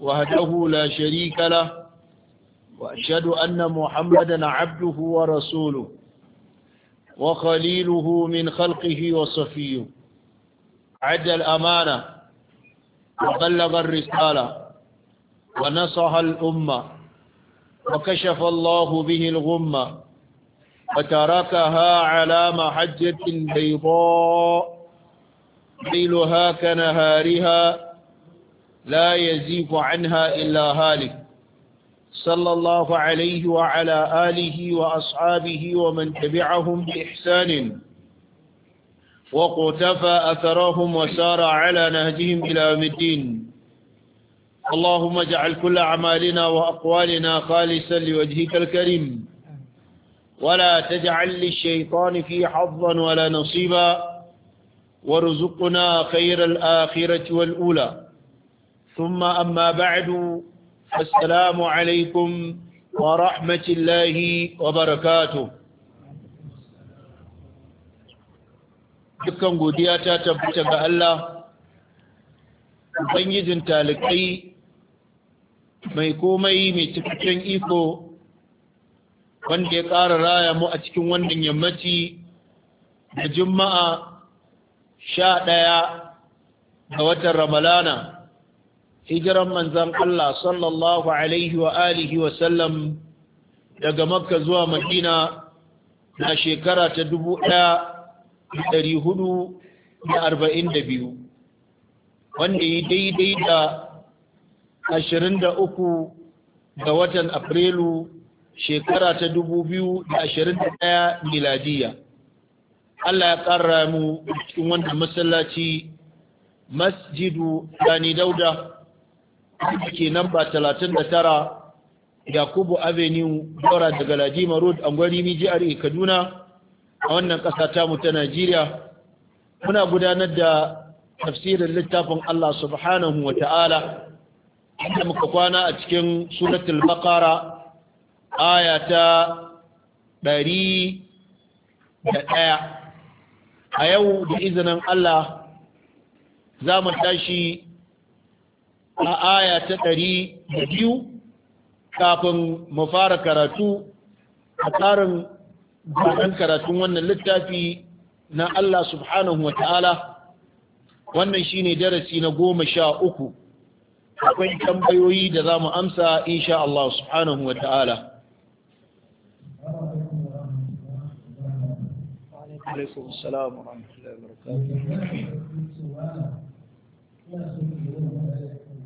وهده لا شريك له وأشهد أن محمدا عبده ورسوله وخليله من خلقه وصفيه عد الأمانة وبلغ الرسالة ونصح الأمة وكشف الله به الغمة وتركها على محجة بيضاء ليلها كنهارها لا يزيف عنها إلا هالك صلى الله عليه وعلى آله وأصحابه ومن تبعهم بإحسان وقتفى أثرهم وسار على نهجهم إلى مدين اللهم اجعل كل أعمالنا وأقوالنا خالصا لوجهك الكريم ولا تجعل للشيطان في حظا ولا نصيبا وارزقنا خير الآخرة والأولى ثم أما بعد السلام عليكم ورحمة الله وبركاته dukkan godiya ta tabbata ga Allah ubangijin talikai mai komai mai cikakken iko wanda ya ƙara raya mu a cikin wannan yammaci da juma'a sha ɗaya ga watan ramalana hijiran manzan Allah sallallahu alaihi wa alihi wa sallam daga makka zuwa madina na shekara ta dubu ɗaya ɗari hudu da arba'in da biyu wanda ya daidai da ashirin da uku ga watan afrilu shekara ta dubu biyu da ashirin da ɗaya miladiya Allah ya ƙara mu cikin wanda masallaci masjidu Sani Dauda da ke namba tara yakubu avenue dora daga lajima road angwarimi jihar kaduna a wannan ƙasa tamu ta najeriya muna gudanar da tafsirin littafin allah subhanahu wa ta'ala inda muka kwana a cikin suratul baqara aya ɗari da ɗaya a yau da izinin allah za mu tashi a aya ta ɗari da biyu kafin mu fara karatu a tsarin bayan karatun wannan littafi na Allah subhanahu wa ta'ala wannan shi ne darasi na goma sha uku akwai tambayoyi da za mu amsa insha Allah subhanahu wa ta'ala عليكم السلام الله وبركاته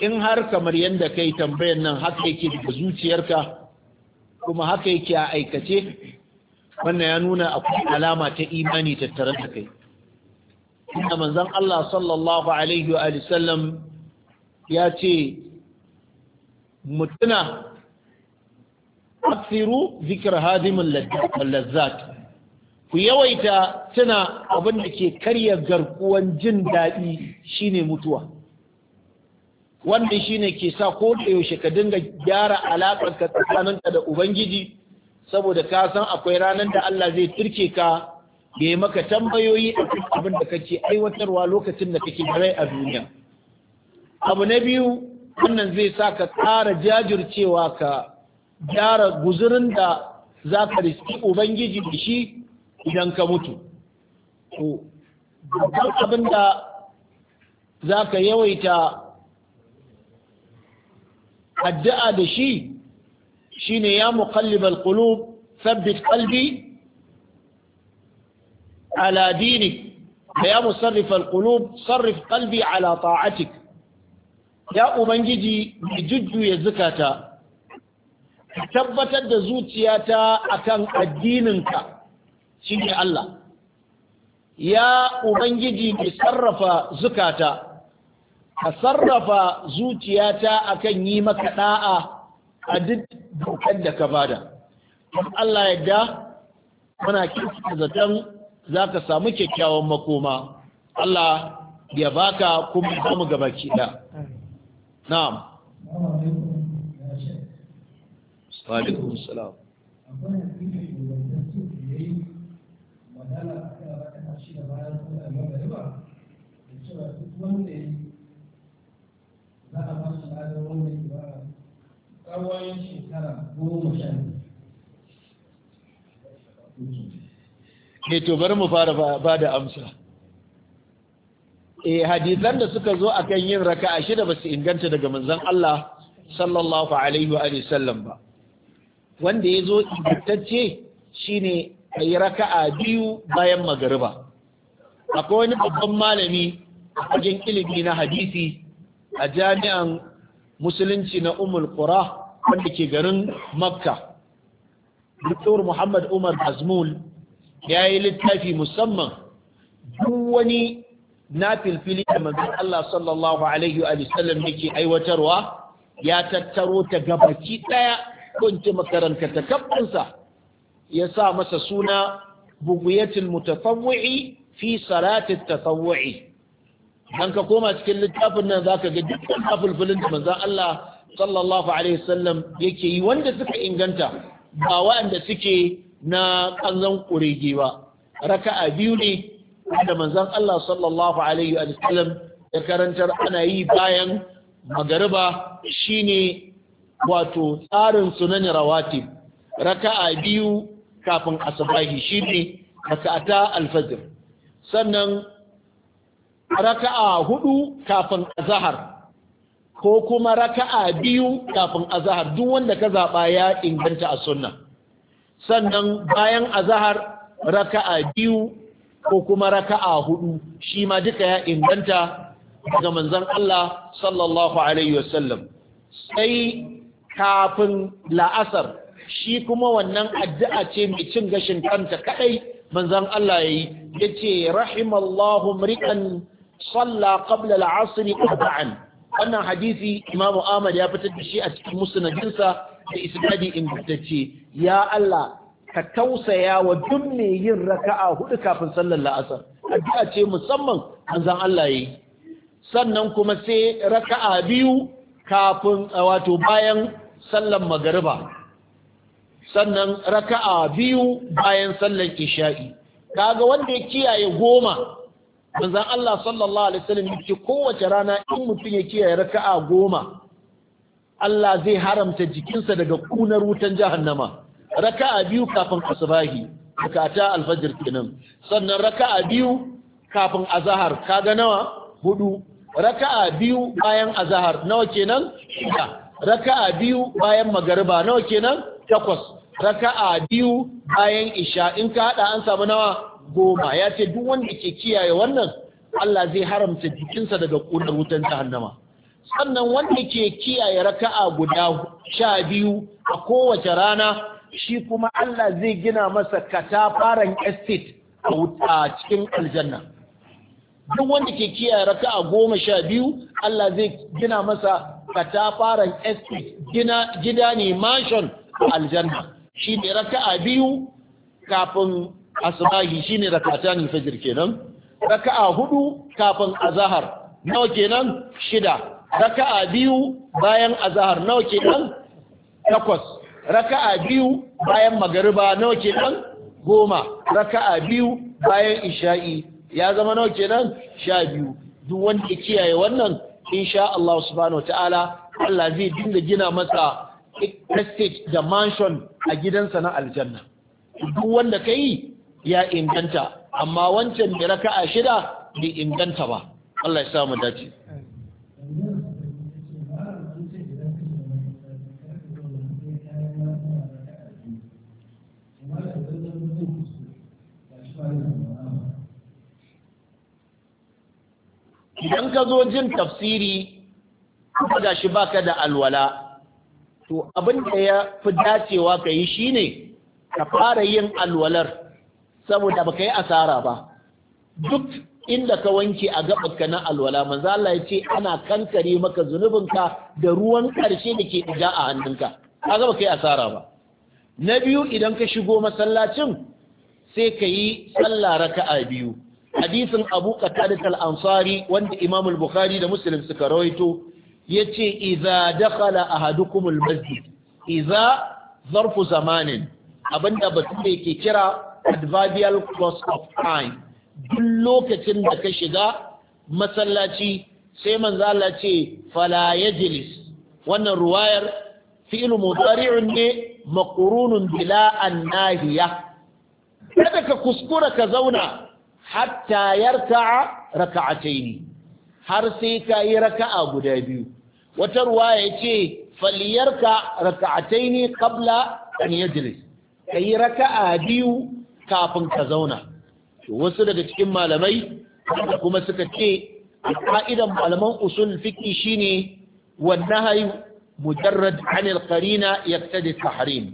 in har kamar yadda kai tambayar nan haka yake daga zuciyarka kuma haka yake a aikace wannan ya nuna akwai alama ta imani tattare da kai inda manzon Allah sallallahu alaihi wa sallam ya ce mutuna aksiru zikir hadimin lazzat ku yawaita tuna abin da ke karya garkuwan jin daɗi shine mutuwa wannan shine ke sa ko da yaushe ka dinga gyara alaƙar ka tsakaninka da ubangiji saboda ka san akwai ranar da Allah zai turke ka ya yi maka tambayoyi a cikin abin da kake aiwatarwa lokacin da kake rai a duniya abu na biyu wannan zai sa ka ƙara jajircewa ka gyara guzurin da za ka riski ubangiji da shi idan ka mutu to abin da za ka yawaita addu'a da shi shine ya muqallibal qulub thabbit qalbi ala dinik da ya musarrifal qulub sarrif qalbi ala ta'atik ya ubangiji mai jujjuya zukata tabbatar da zuciyata akan addininka shine Allah ya ubangiji ki sarrafa zukata ka sarrafa zuciyata akan yi maka ɗa'a a duk dokar da ka bada don Allah yadda muna kirkita zaton za ka samu kyakkyawan makoma Allah ya baka kuma za mu gaba kiɗa na'am salam. Akwai asalin wannan ne to bari mu fara ba da amsa eh hadisan da suka zo akan yin raka'a shida ba su inganta daga manzon Allah sallallahu alaihi wa sallam ba wanda ya zo ingantacce shine ayi raka'a biyu bayan magariba akwai wani babban malami a cikin ilimi na hadisi a jami'an musulunci na umul qura wanda ke garin makka Dr. Muhammad Umar Azmul ya yi littafi musamman duk wani na filfili da manzon Allah sallallahu alaihi wa sallam yake aiwatarwa ya tattaro ta gabaki daya kunce makaranta ta kafansa ya sa masa suna buguyatul mutatawwi fi salati tatawwi dan ka koma cikin littafin nan zaka ga dukkan afulfulin da manzon Allah sallallahu alaihi wasallam yake yi wanda suka inganta ba waɗanda suke na kanzan kurege ba raka'a biyu ne wanda manzon Allah sallallahu alaihi wasallam ya karantar ana yi bayan magariba shine wato tsarin sunan rawatib raka'a biyu kafin asubahi shine raka'ata alfajr sannan raka'a hudu kafin azahar ko kuma raka'a biyu kafin azahar duk wanda ka zaɓa ya inganta a sunna sannan bayan azahar raka'a biyu ko kuma raka'a hudu shi ma duka ya inganta daga manzon Allah sallallahu alaihi wasallam sai kafin la'asar shi kuma wannan addu'a ce mai cin gashin kanta kadai manzon Allah yayi yace rahimallahu mri'an salla qabla al-'asr arba'an wannan hadisi imamu ahmad ya fitar da shi a cikin musnadinsa da isnadi ingantacce ya Allah ka tausaya wa duk yin raka'a hudu kafin sallar la'asar addu'a ce musamman manzon Allah yayi sannan kuma sai raka'a biyu kafin wato bayan sallar magariba sannan raka'a biyu bayan sallar isha'i kaga wanda ya kiyaye goma manzon Allah sallallahu alaihi wasallam ce kowace rana in mutum ya kiyaye raka'a goma Allah zai haramta jikinsa daga kunar wutan jahannama raka'a biyu kafin asbahi rakata alfajir kenan sannan raka'a biyu kafin azahar kaga nawa hudu raka'a biyu bayan azahar nawa kenan shida raka'a biyu bayan magariba nawa kenan takwas raka'a biyu bayan isha in ka haɗa an samu nawa goma ya ce duk wanda ke kiyaye wannan Allah zai haramta jikinsa daga ƙunar wutan jahannama sannan wanda ke kiyaye raka'a guda sha biyu a kowace rana shi kuma Allah zai gina masa katafaren estate a cikin aljanna duk wanda ke kiyaye raka'a goma sha biyu Allah zai gina masa katafaren estate gida ne mansion a aljanna shi ne raka'a biyu kafin asubahi shine rak'atan fajr kenan raka'a hudu kafin azhar nawa kenan shida raka'a biyu bayan azhar nawa kenan takwas raka'a biyu bayan magariba nawa kenan goma raka'a biyu bayan isha'i ya zama nawa kenan sha biyu duk wanda ya kiyaye wannan insha Allah subhanahu ta'ala Allah zai dinga gina masa estate da mansion a gidansa na aljanna duk wanda ka ya inganta amma wancan mai raka'a shida bai inganta ba Allah ya samu dace idan ka zo jin tafsiri kuma ga shi baka da alwala to abin da ya fi dacewa ka yi shine ka fara yin alwalar saboda baka yi asara ba duk inda ka wanke a gabanka na alwala manzo Allah ya ce ana kankare maka ka da ruwan karshe da ke ɗiga a hannunka kaga baka yi asara ba na biyu idan ka shigo masallacin sai ka yi sallah raka'a biyu hadisin Abu Qatada al-Ansari wanda Imam al-Bukhari da Muslim suka rawaito yace idza dakhala ahadukum al-masjid idza zarfu zamanin abinda bature ke kira adverbial course of time duk lokacin da ka shiga masallaci sai manzo Allah ce fala yajlis wannan ruwayar fi'il mudari'un ne maqrunun bila annahiya kada ka kuskura ka zauna hatta yarka'a raka'ataini har sai ka yi raka'a guda biyu wata ruwaya ce faliyarka raka'ataini qabla an yajlis kai raka'a biyu kafin ka zauna wasu daga cikin malamai da kuma suka ce ka'idan malaman usul fiki shine wannan hayu mujarrad anil qarina yaqtadi tahrim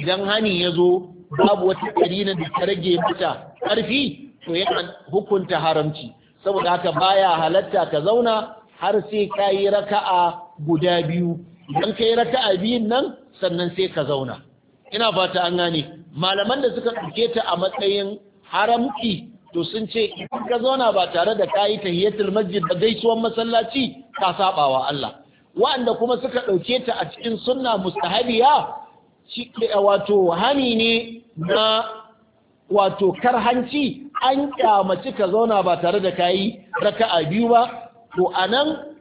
idan hani yazo babu wata qarina da ta rage mata karfi to yana hukunta haramci saboda haka baya halatta ka zauna har sai kayi raka'a guda biyu idan kai raka'a biyun nan sannan sai ka zauna ina fata an gane malaman da suka ɗauke ta a matsayin haramki to sun ce in ka zauna ba tare da kayi tahiyatul masjid da gaisuwan masallaci ka sabawa Allah wa'anda kuma suka ɗauke ta a cikin sunna mustahabiya shi eh, wato hani ne na wato karhanci an kyamaci ka zauna ba tare da kayi raka'a biyu ba to anan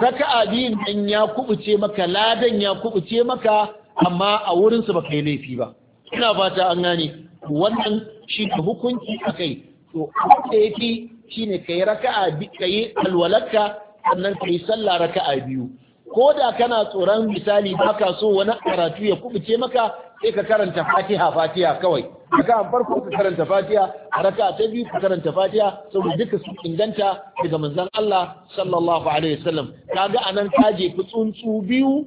raka'a biyun nan ya kubuce maka ladan ya kubuce maka amma a wurinsu ba ka yi laifi ba ina fata an gane wannan shi ne hukunci a kai to da ya fi shi ne ka yi raka'a ka yi alwalarka sannan ka yi sallah raka'a biyu ko da kana tsoron misali ba ka so wani karatu ya kubuce maka sai ka karanta fatiha fatiha kawai a farko ka karanta fatiha raka ta biyu ka karanta fatiha saboda duka su inganta daga manzon Allah sallallahu alaihi wasallam kaga anan ka je tsuntsu biyu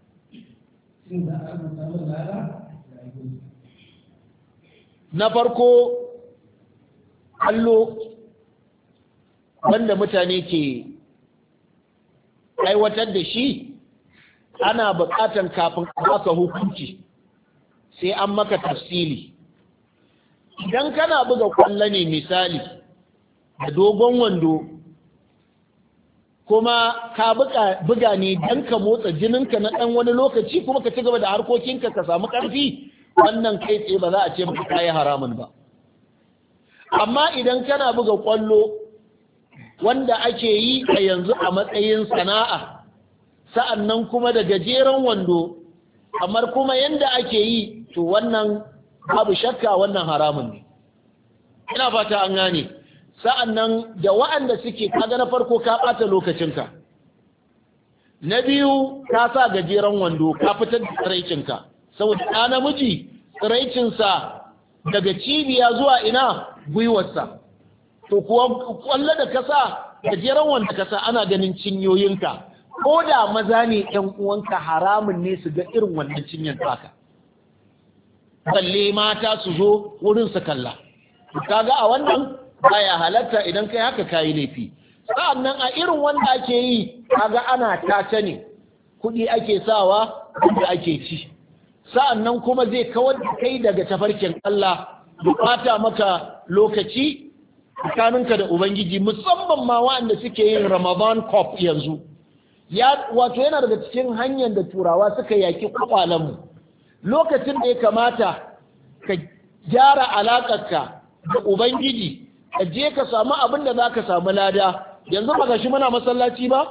na farko allo wanda mutane ke aiwatar da shi ana buƙatar kafin a baka hukunci sai an maka tafsili idan kana buga kwallo ne misali da dogon wando kuma ka buga ne dan ka motsa jinin ka na ɗan wani lokaci kuma ka ci gaba da harkokinka ka samu ƙarfi wannan kai tsaye ba za a ce maka kayi haramun ba amma idan kana buga ƙwallo wanda ake yi a yanzu a matsayin sana'a sa'an nan kuma da gajeren wando kamar kuma yadda ake yi to wannan babu shakka wannan haramun ne ina fata an gane sa'an nan da wa'anda suke kaga na farko ka ɓata lokacinka na biyu ka sa gajeren wando ka fitar da tsiraicinka saboda ɗa namiji tsiraicinsa daga cibiya zuwa ina gwiwarsa to kuwa kwallo da kasa gajeren wanda kasa ana ganin cinyoyinka ko da maza ne yan uwanka haramun ne su ga irin wannan cinyar taka balle mata su zo wurin su kalla kaga a wannan baya halatta idan kai haka kayi laifi sa'annan a irin wanda ake yi kaga ana tace ne kuɗi ake sawa da ake ci sa'annan kuma zai kawar da kai daga tafarkin Allah bukata maka lokaci tsakaninka da ubangiji musamman ma waɗanda suke yin ramadan cup yanzu ya wato yana daga cikin hanyar da turawa suka yaki mu. lokacin da ya kamata ka gyara ka da ubangiji ka je ka samu abin da za ka samu lada yanzu ba shi muna masallaci ba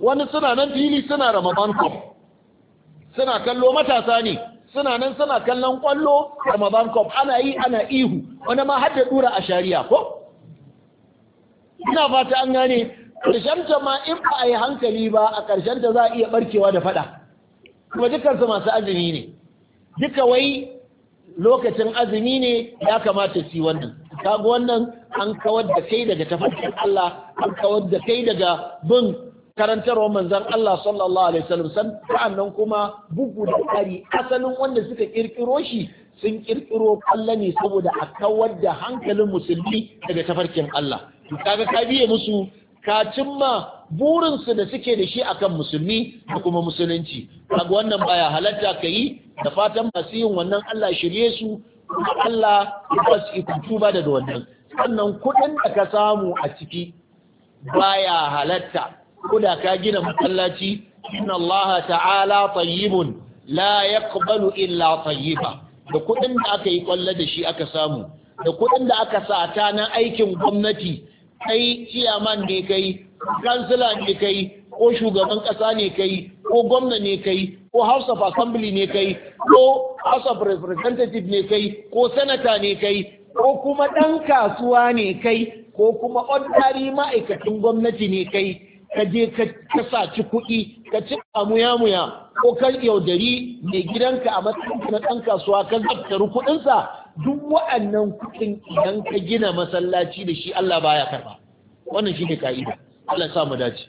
wani suna nan fili suna ramadan kof? suna kallo matasa ne suna nan suna kallon kwallo ramadan kof? ana yi ana ihu wani ma har da dura a shari'a ko ina fata an gane karshen ta ma in ba a yi hankali ba a karshen ta za a iya barkewa da fada kuma dukansu masu azumi ne duka wai lokacin azumi ne ya kamata su yi wannan kaga wannan an kawar da kai daga tafarkin Allah an kawar da kai daga bin karantarwa manzan Allah sallallahu alaihi wasallam sannan kuma bugu da ƙari asalin wanda suka kirkiro shi sun kirkiro Allah ne saboda a kawar da hankalin musulmi daga tafarkin Allah to kaga ka biye musu ka cimma burinsu da suke da shi akan musulmi da kuma musulunci kaga wannan baya halatta ka yi da fatan masu yin wannan Allah shirye su Allah ya ba su ikon ba da wannan sannan kuɗin da ka samu a ciki baya halatta ko ka gina masallaci inna Allah ta'ala tayyibun la yaqbalu illa tayyiba da kuɗin da aka yi kwallo da shi aka samu da kuɗin da aka sata na aikin gwamnati kai ciyaman ne kai kansila ne kai ko shugaban ƙasa ne kai ko gwamna ne kai ko house of assembly ne kai ko house of representative ne kai ko senator ne kai ko kuma ɗan kasuwa ne kai ko kuma ordinary ma'aikacin gwamnati ne kai ka je ka saci kuɗi ka ci muya-muya ko ka yaudari mai gidanka a matsayin na ɗan kasuwa ka zaftari kuɗinsa duk wa'annan kuɗin idan ka gina masallaci da shi Allah baya karba wannan shi ne ka'ida Allah ya sa mu dace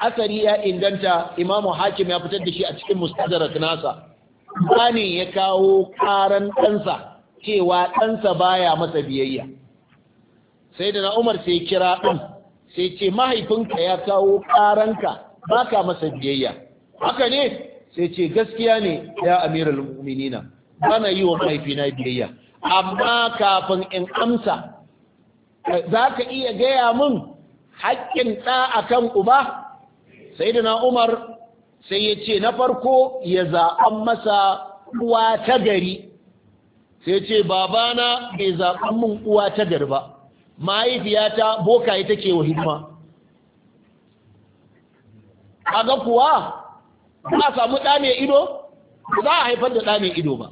asari ya inganta imamu hakim ya fitar da shi a cikin mustadrak nasa bani ya kawo karan ɗansa cewa ɗansa baya masa biyayya sai da na umar sai kira ɗin sai ce mahaifinka ya kawo karanka baka masa biyayya haka ne sai ce gaskiya ne ya amirul mu'minina bana yi wa mahaifina biyayya amma kafin in amsa za ka iya gaya min haƙƙin ɗa a kan uba Sai da na umar sai ya ce na farko ya zaɓan masa uwa ta gari sai ce babana bai zaɓan min uwa ta gari ba mahaifiyata bokaye take wa hidima ga kuwa ba samu ɗame ido? Ba za a haifar da ɗame ido ba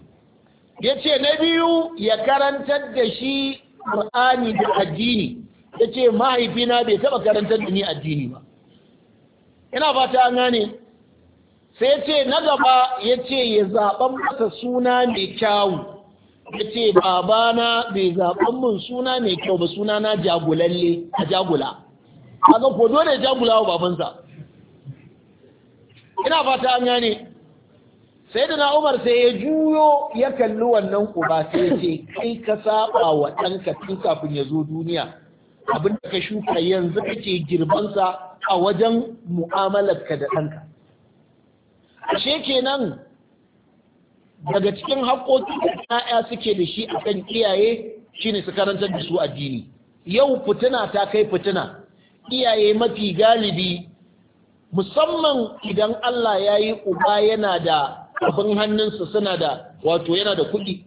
ya ce na biyu ya karantar da shi ƙur'ani da addini ya ce mahaifina bai taɓa karantar da ni addini ba ina ba ta gane sai ce na gaba ya ce ya zaɓan masa suna mai kyawu ya ce babana bai zaɓan mun suna mai kyau ba suna na jagulalle a jagula kaga ko dole jagula wa babansa ina ba ta gane sai da na umar sai ya juyo ya kalli wannan ba sai ya ce kai ka saba wa ɗanka tun kafin ya zo duniya abin da ka shuka yanzu kake girbansa a wajen mu'amalarka da ɗanka ashe kenan daga cikin haƙoƙi da 'ya'ya suke da shi a kan iyaye shine su karantar da su addini yau fitina ta kai fitina iyaye mafi galibi musamman idan Allah ya yi uba yana da abin hannunsa suna da wato yana da kuɗi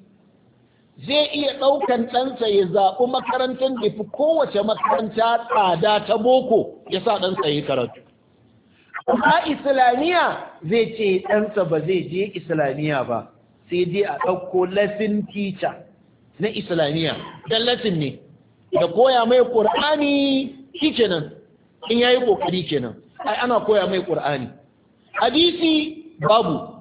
zai iya ɗaukan ɗansa ya zaɓi makarantar da fi kowace makaranta tsada ta boko ya sa ɗansa ya karatu amma islamiyya zai ce ɗansa ba zai je islamiyya ba sai dai a ɗauko lesson teacher na islamiyya Ɗan lesson ne da koya mai ƙur'ani shi kenan in yi ƙoƙari kenan ai ana koya mai ƙur'ani hadisi babu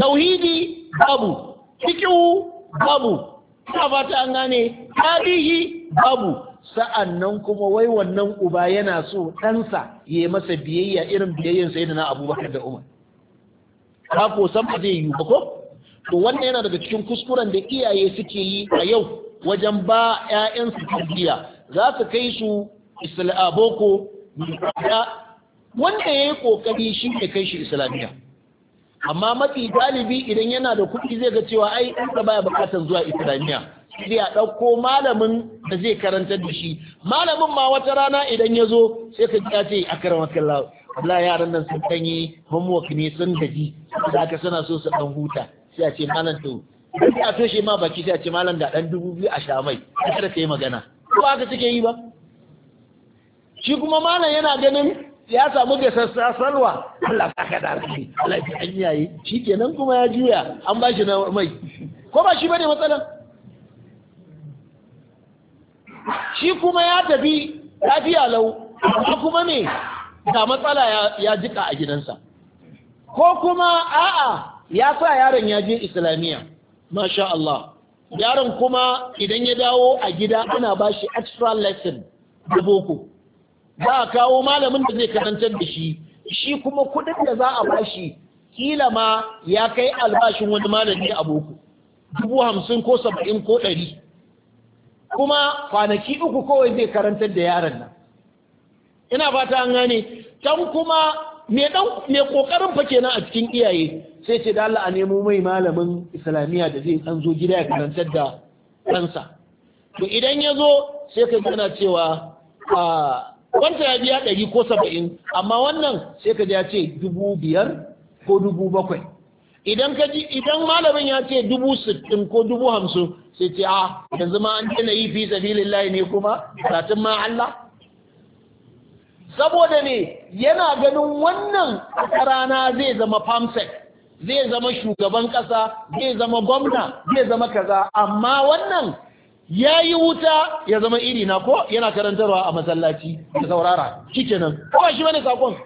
tauhidi babu fiqhu babu ta fata an gane tarihi babu sa'an nan kuma wai wannan uba yana so ɗansa ya masa biyayya irin biyayyan sai da na abubakar da umar ka ko san ba zai yi ba ko to wannan yana daga cikin kuskuren da iyaye suke yi a yau wajen ba 'ya'yansu tarbiyya za su kai su isla'aboko wanda ya yi ƙoƙari shi ne kai shi islamiyya amma mafi galibi idan yana da kuɗi zai ga cewa ai ka baya buƙatar zuwa islamiyya sai a ɗauko malamin da zai karanta da shi malamin ma wata rana idan ya zo sai ka ya ce a karan kalla wallahi yaran nan sun tanyi homework ne sun gaji da aka suna so su ɗan huta sai a ce malam to sai a toshe ma baki sai a ce malam da ɗan dubu biyu a sha mai kada ka yi magana ko aka suke yi ba shi kuma malam yana ganin ya samu gasassa salwa Allah ka ka dafi Allah ya an yayi shikenan kuma ya juya an ba shi na mai ko ba shi bane matsala shi kuma ya tafi lafiya lau Ko kuma ne ga matsala ya jika a gidansa ko kuma a'a ya sa yaron ya je islamiyya masha Allah yaron kuma idan ya dawo a gida ana ba shi extra lesson da boko za a kawo malamin da zai karantar da shi shi kuma kudin da za a bashi kila ma ya kai albashin wani malami a boko dubu hamsin ko saba'in ko ɗari kuma kwanaki uku kawai zai karantar da yaron nan ina fata an gane can kuma me kokarin fa kenan a cikin iyaye sai ce da Allah a nemo mai malamin islamiyya da zai zo gida ya karantar da kansa to idan ya zo sai ka gana cewa a ah, Wanta ya biya ɗari ko saba'in amma wannan sai ka ya ce dubu biyar ko dubu bakwai idan ka ji idan malamin ya ce dubu sittin ko dubu hamsin sai ce a ah, yanzu ma an tana yi fi layi ne kuma satin ma Allah saboda ne yana ganin wannan a rana zai zama famsek zai zama shugaban ƙasa zai zama gwamna zai zama kaza amma wannan ya yi wuta ya zama iri na ko yana karantarwa a masallaci da saurara shi kenan kuma shi wani sakon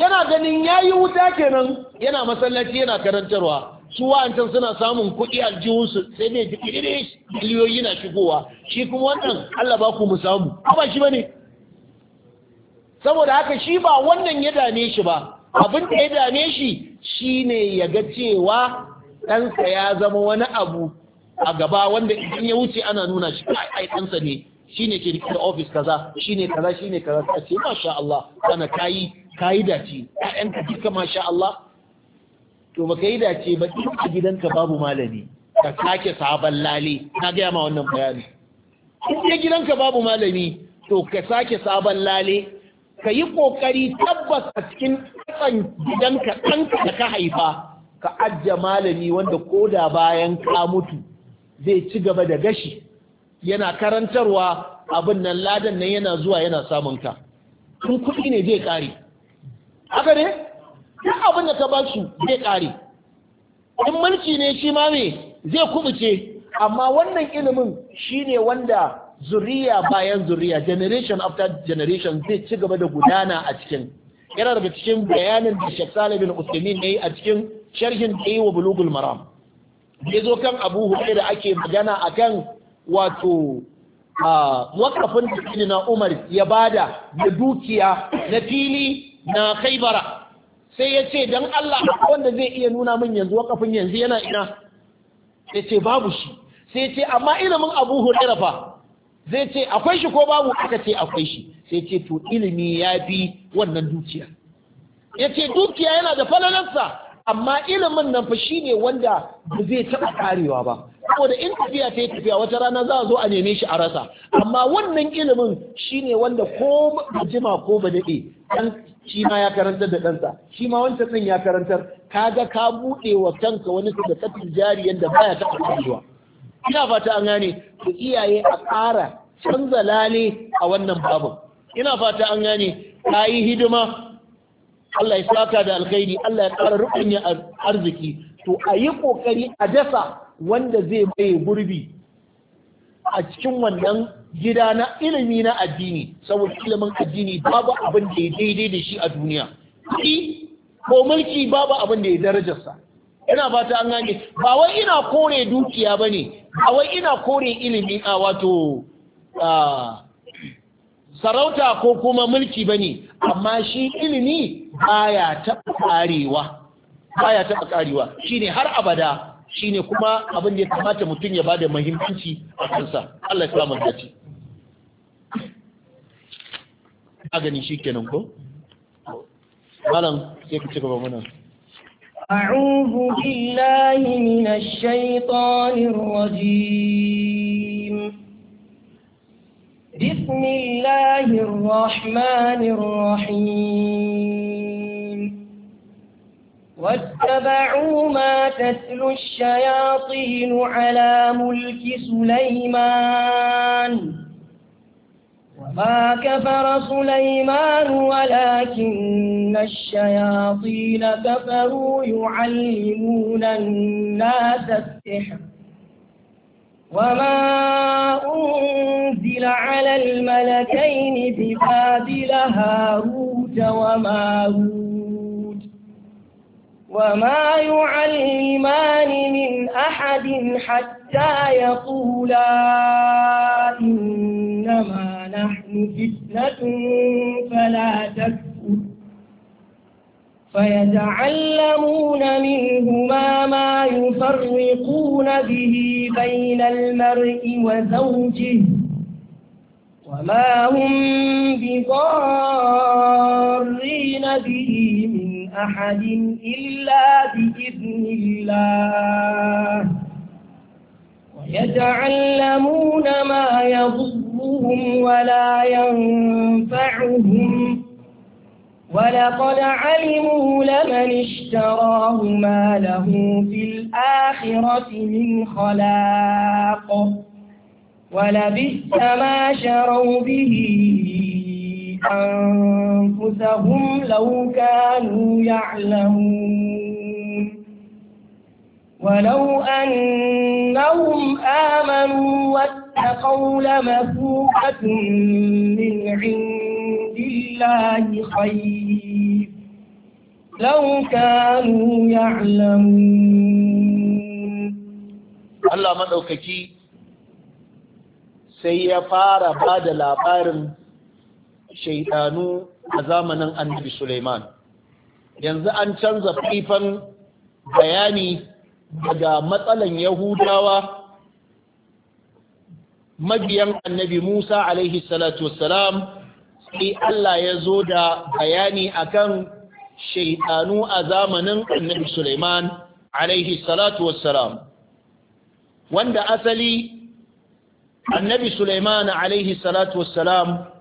yana ganin ya yi wuta kenan yana masallaci yana karantarwa su wa'ancan suna samun kuɗi aljihunsu sai ne jikirin miliyoyi na shigowa shi kuma wannan allah ba ku mu samu kuma shi wani saboda haka shi ba wannan ya dame shi ba abin da ya dame shi shine ya ga cewa ɗansa ya zama wani abu a gaba wanda idan ya wuce ana nuna shi ai ɗansa ne shine ke rikita ofis kaza shine kaza shine kaza ta ce masha Allah kana kayi kayi dace ƴaƴanka duka masha Allah to baka yi dace ba in a gidanka babu malami ka sake sabon lale na gaya ma wannan bayani in ya gidanka babu malami to ka sake sabon lale ka yi kokari tabbas a cikin kasan gidanka ɗanka da ka haifa ka ajiye malami wanda ko da bayan ka mutu zai ci gaba da gashi yana karantarwa abin nan ladan nan yana zuwa yana samun ka kun kuɗi ne zai kare. haka ne duk abin da ka ba su zai kare. in mulki ne shi ma me zai kubuce amma wannan ilimin shine wanda zuriya bayan zuriya generation after generation zai ci gaba da gudana a cikin yana daga cikin bayanin da Sheikh Salih bin yayi a cikin sharhin da yi wa bulugul Maram ya zo kan abu da ake magana akan wato wakafin da na umar ya bada da dukiya na fili na khaibara sai ya ce don Allah wanda zai iya nuna min yanzu wakafin yanzu yana ina sai ce babu shi sai ce amma ilimin abu hurera fa zai ce akwai shi ko babu aka ce akwai shi sai ce to ilimi ya bi wannan dukiya ya ce dukiya yana da falalarsa amma ilimin nan fa ne wanda ba zai taɓa karewa ba saboda in tafiya ta yi tafiya wata rana za a zo a neme shi a rasa amma wannan ilimin shine wanda ko ba jima ko ba daɗe ɗan shi ma ya karantar da ɗansa shi ma wancan ɗin ya karantar kaga ka buɗe wa kanka wani da katin jari yadda baya taɓa ƙarewa ina fata an gane ku iyaye a ƙara canza lale a wannan babu, ina fata an gane ka yi hidima Allah ya saka da alkhairi Allah ya ƙara a arziki to a yi ƙoƙari a dasa wanda zai maye gurbi a cikin wannan gida na ilimi na addini saboda ilimin addini babu abin da ya daidai da shi a duniya kuɗi ko mulki babu abin da ya darajarsa ina fata an gane ba wai ina kore dukiya bane, ne ba wai ina kore ilimi a wato sarauta ko kuma mulki bane, amma shi ilimi baya taɓa ƙarewa baya taɓa ƙarewa shine har abada shine kuma abin da ya kamata mutum ya bada muhimmanci a kansa Allah ya sa mu dace magani shikenan ko malam sai ku cigaba mana أعوذ بالله من الشيطان الرجيم بسم الله الرحمن الرحيم واتبعوا ما تتلو الشياطين على ملك سليمان وما كفر سليمان ولكن الشياطين كفروا يعلمون الناس السحر وما أنزل على الملكين ببابل هاروت وماروت وما يعلمان من أحد حتى يقولا إنما نحن فتنة فلا تكفر فيتعلمون منهما ما يفرقون به بين المرء وزوجه وما هم بضارين به أحد إلا بإذن الله ويتعلمون ما يضرهم ولا ينفعهم ولقد علموا لمن اشتراه ما له في الآخرة من خلاق ولبئس ما شروا به أنفسهم لو كانوا يعلمون ولو أنهم آمنوا واتقوا لمثوبة من عند الله خير لو كانوا يعلمون الله مدوككي sai ya fara ba da labarin shaidanu a zamanin annabi Suleiman yanzu an canza faifan bayani daga matsalan yahudawa mabiyan annabi Musa alaihi salatu wassalam sai Allah ya zo da bayani akan shaidanu a zamanin annabi Suleiman alaihi salatu wassalam wanda asali annabi Suleiman alaihi salatu wassalam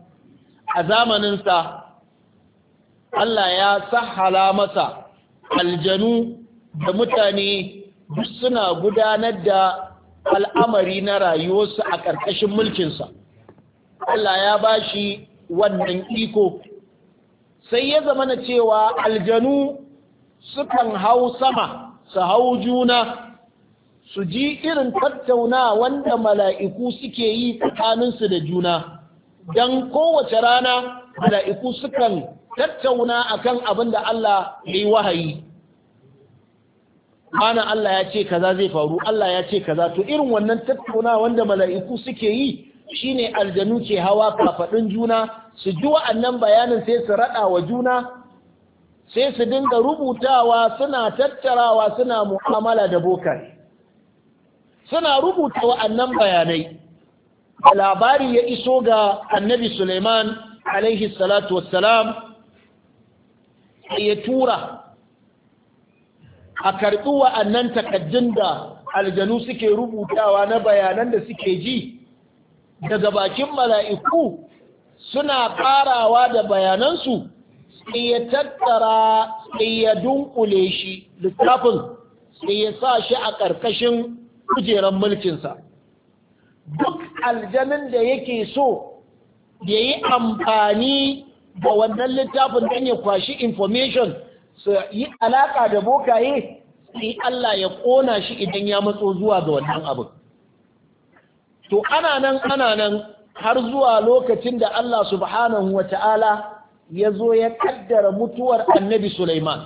a zamaninsa Allah ya sahala masa aljanu da mutane duk suna gudanar da al'amari na rayuwarsu a ƙarƙashin mulkinsa Allah ya ba shi wannan iko sai ya zama na cewa aljanu sukan hau sama su hau juna su ji irin tattauna wanda mala'iku suke yi tsakaninsu da juna don kowace rana mala'iku sukan tattauna akan abin da Allah ya yi wahayi mana Allah ya ce kaza zai faru Allah ya ce kaza to irin wannan tattauna wanda mala'iku suke yi shine aljanu ke hawa kafaɗin juna su ji wa'annan bayanin sai su raɗa wa juna sai su dinga rubutawa suna tattarawa suna mu'amala da bokai suna rubuta wa'annan bayanai labari ya iso ga annabi suleiman alaihi salatu wassalam ya tura a karɓi wa'annan takaddun da aljanu suke rubutawa na bayanan da suke ji daga bakin mala'iku suna ƙarawa da bayanansu sai ya tattara sai ya dunkule shi littafin sai ya sa shi a ƙarƙashin kujerar mulkinsa duk aljanin da yake so ya yi amfani da wannan littafin don ya kwashi information su yi alaƙa da bokaye sai Allah ya ƙona shi idan ya matso zuwa ga wannan abin to ana nan ana nan har zuwa lokacin da Allah subhanahu wa ta'ala ya zo ya kaddara mutuwar annabi Sulaiman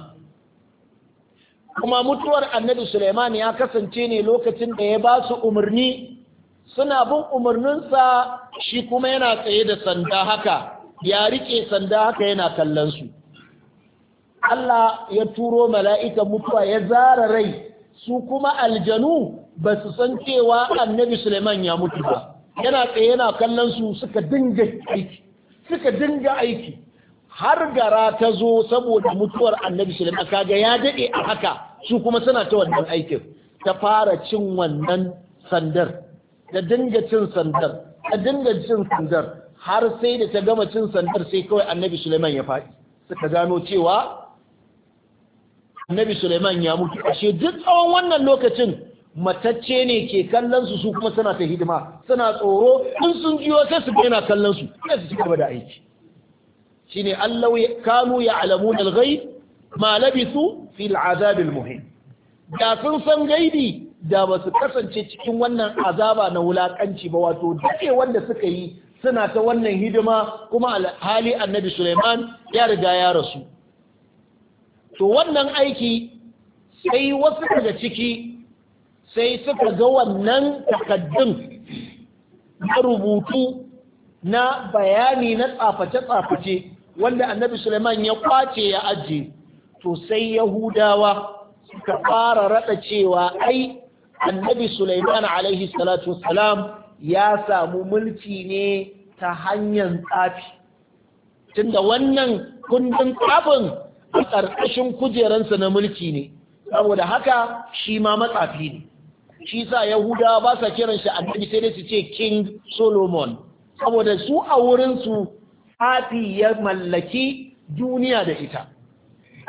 kuma mutuwar annabi Sulaiman ya kasance ne lokacin da ya ba su umarni suna bin umarninsa shi kuma yana tsaye da sanda haka ya rike sanda haka yana kallon su Allah ya turo mala'ika mutuwa ya zara rai su kuma aljanu ba su san cewa annabi Suleiman ya mutu ba yana tsaye yana kallon su suka dinga aiki suka dinga aiki har gara ta zo saboda mutuwar annabi Suleiman kaga ya dade a haka su kuma suna ta wannan aikin ta fara cin wannan sandar da dinga cin sandar dinga cin sandar har sai da ta gama cin sandar sai kawai annabi suleiman ya faɗi suka gano cewa annabi suleiman ya mutu ashe duk tsawon wannan lokacin matacce ne ke kallon su su kuma suna ta hidima suna tsoro in sun jiyo sai su na kallon su sai su cigaba da aiki shine Allah kanu ya alamu al-ghaib ma labisu fil azabil muhim da sun san gaibi da ba su kasance cikin wannan azaba na wulakanci ba wato daɗe wanda suka yi suna ta wannan hidima kuma alhali annabi Suleiman ya riga ya rasu to wannan aiki sai wasu daga ciki sai suka ga wannan takaddun na rubutu na bayani na tsaface-tsaface wanda annabi Suleiman ya kwace ya ajiye to sai yahudawa suka fara rada cewa ai annabi Sulaiman alaihi salatu wassalam ya samu mulki ne ta hanyar tsafi tunda wannan kundin tsafin a ƙarƙashin kujeransa na mulki ne saboda haka shi ma matsafi ne shi sa yahuda ba sa kiran shi annabi sai dai su ce king solomon saboda su a wurin su, tsafi ya mallaki duniya da ita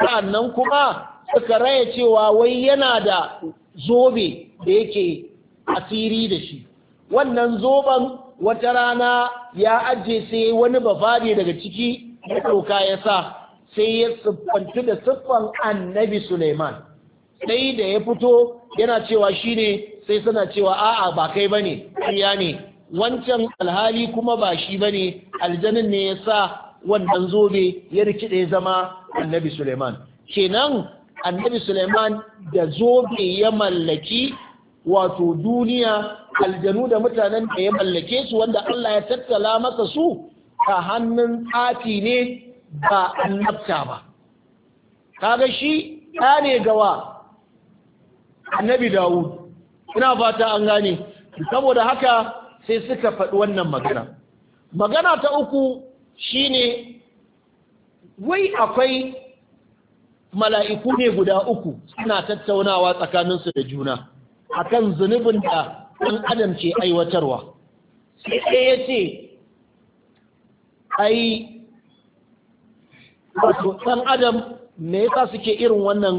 sa'annan kuma suka raya cewa wai yana da zobe da yake asiri da shi wannan zoban wata rana ya ajiye sai wani bafari daga ciki ya ɗauka ya sa sai ya siffantu da siffan annabi Suleiman sai da ya fito yana cewa shi ne sai suna cewa a'a ba kai bane ya ne wancan alhali kuma ba shi ne aljanin ne ya sa wannan zobe ya rikide zama annabi Suleiman kenan annabi Suleiman da zobe ya mallaki wato duniya aljanu da mutanen da ya mallake su wanda Allah ya tattala masa su ta hannun tsafi ne ba annabta ba kaga shi ta ne gawa annabi dawud ina fata an gane saboda haka sai suka faɗi wannan magana magana ta uku shine wai akwai mala'iku ne guda uku suna tattaunawa tsakaninsu da juna akan zunubin da ɗan adam ce aiwatarwa sai ɗaya ya ce ai wato ɗan adam me yasa suke irin wannan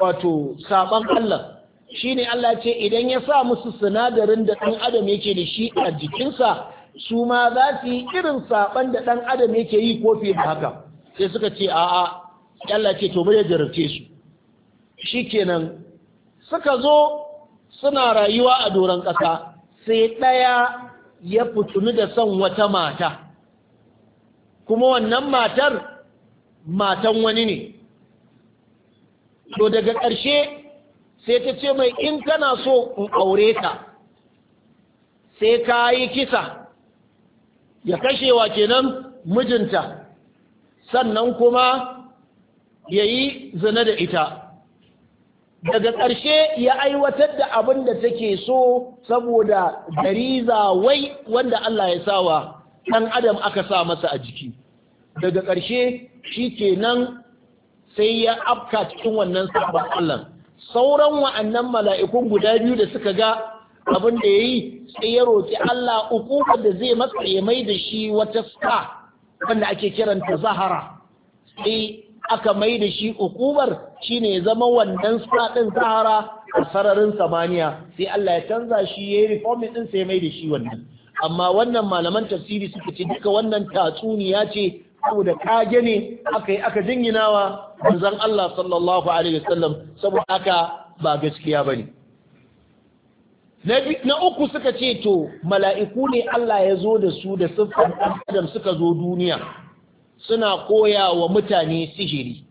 wato saban Allah ne Allah ce idan ya sa musu sinadarin da ɗan adam yake da shi a jikinsa su ma za su yi irin saban da ɗan adam yake yi ko fiye da haka sai suka ce a'a Allah ce to ya jarabce su shikenan suka zo suna rayuwa a doron ƙasa sai ɗaya ya fitunu da son wata mata kuma wannan matar matan wani ne to daga ƙarshe sai ta ce mai in kana so in aure ta sai ka yi kisa ya kashewa kenan mijinta sannan kuma ya yi zina da ita daga ƙarshe ya aiwatar da abin da take so saboda dariza wai wanda Allah ya sawa ɗan adam aka sa masa a jiki daga ƙarshe shi kenan sai ya afka cikin wannan sabon Allah sauran wa'annan mala'ikun guda biyu da suka ga abin da ya yi sai ya roƙi Allah uku da zai matsa ya mai da shi wata sa wanda ake kiranta zahara sai aka mai da shi ukubar shine ya zama wannan sadin sahara a sararin samaniya sai Allah ya canza shi ya yi reformin din sai mai da shi wannan amma wannan malaman tafsiri suka ce duka wannan tatsuniya ce saboda kage ne aka yi aka jinginawa manzon Allah sallallahu alaihi wasallam saboda haka ba gaskiya bane na uku suka ce to mala'iku ne Allah ya zo da su da siffar adam suka zo duniya suna koya wa mutane sihiri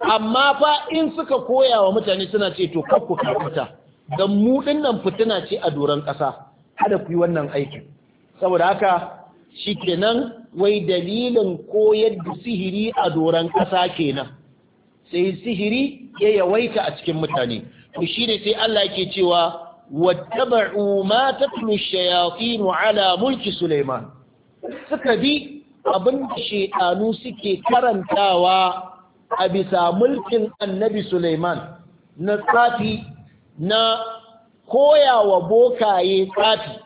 amma fa in suka koya wa mutane suna ce to kakku karkuta don mu nan fitina ce a doron ƙasa kada ku yi wannan aikin saboda haka shi kenan wai dalilin koyar da sihiri a doron ƙasa kenan sai sihiri ya yawaita a cikin mutane to shi ne sai Allah yake cewa wattaba'u ma tatlu shayatin ala mulki Sulaiman suka bi abin da shaidanu suke karantawa a bisa mulkin annabi Suleiman na tsafi na koyawa bokaye tsafi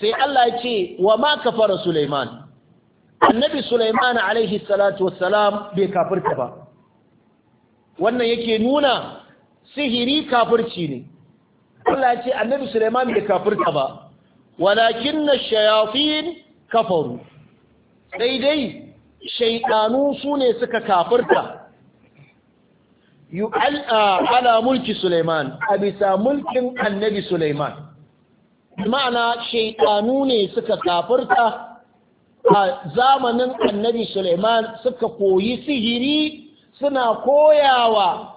sai Allah ce wa ma kafara Suleiman annabi Suleiman alaihi salatu wassalam bai kafirta ba wannan yake nuna sihiri kafirci ne Allah ce annabi Suleiman bai kafirta ba walakin na shayafin kafaru sai dai shaidanu su ne suka kafirta ala mulki Suleiman a bisa mulkin annabi Suleiman ma'ana shaidanu ne suka kafirta a zamanin annabi Suleiman suka koyi sihiri suna koyawa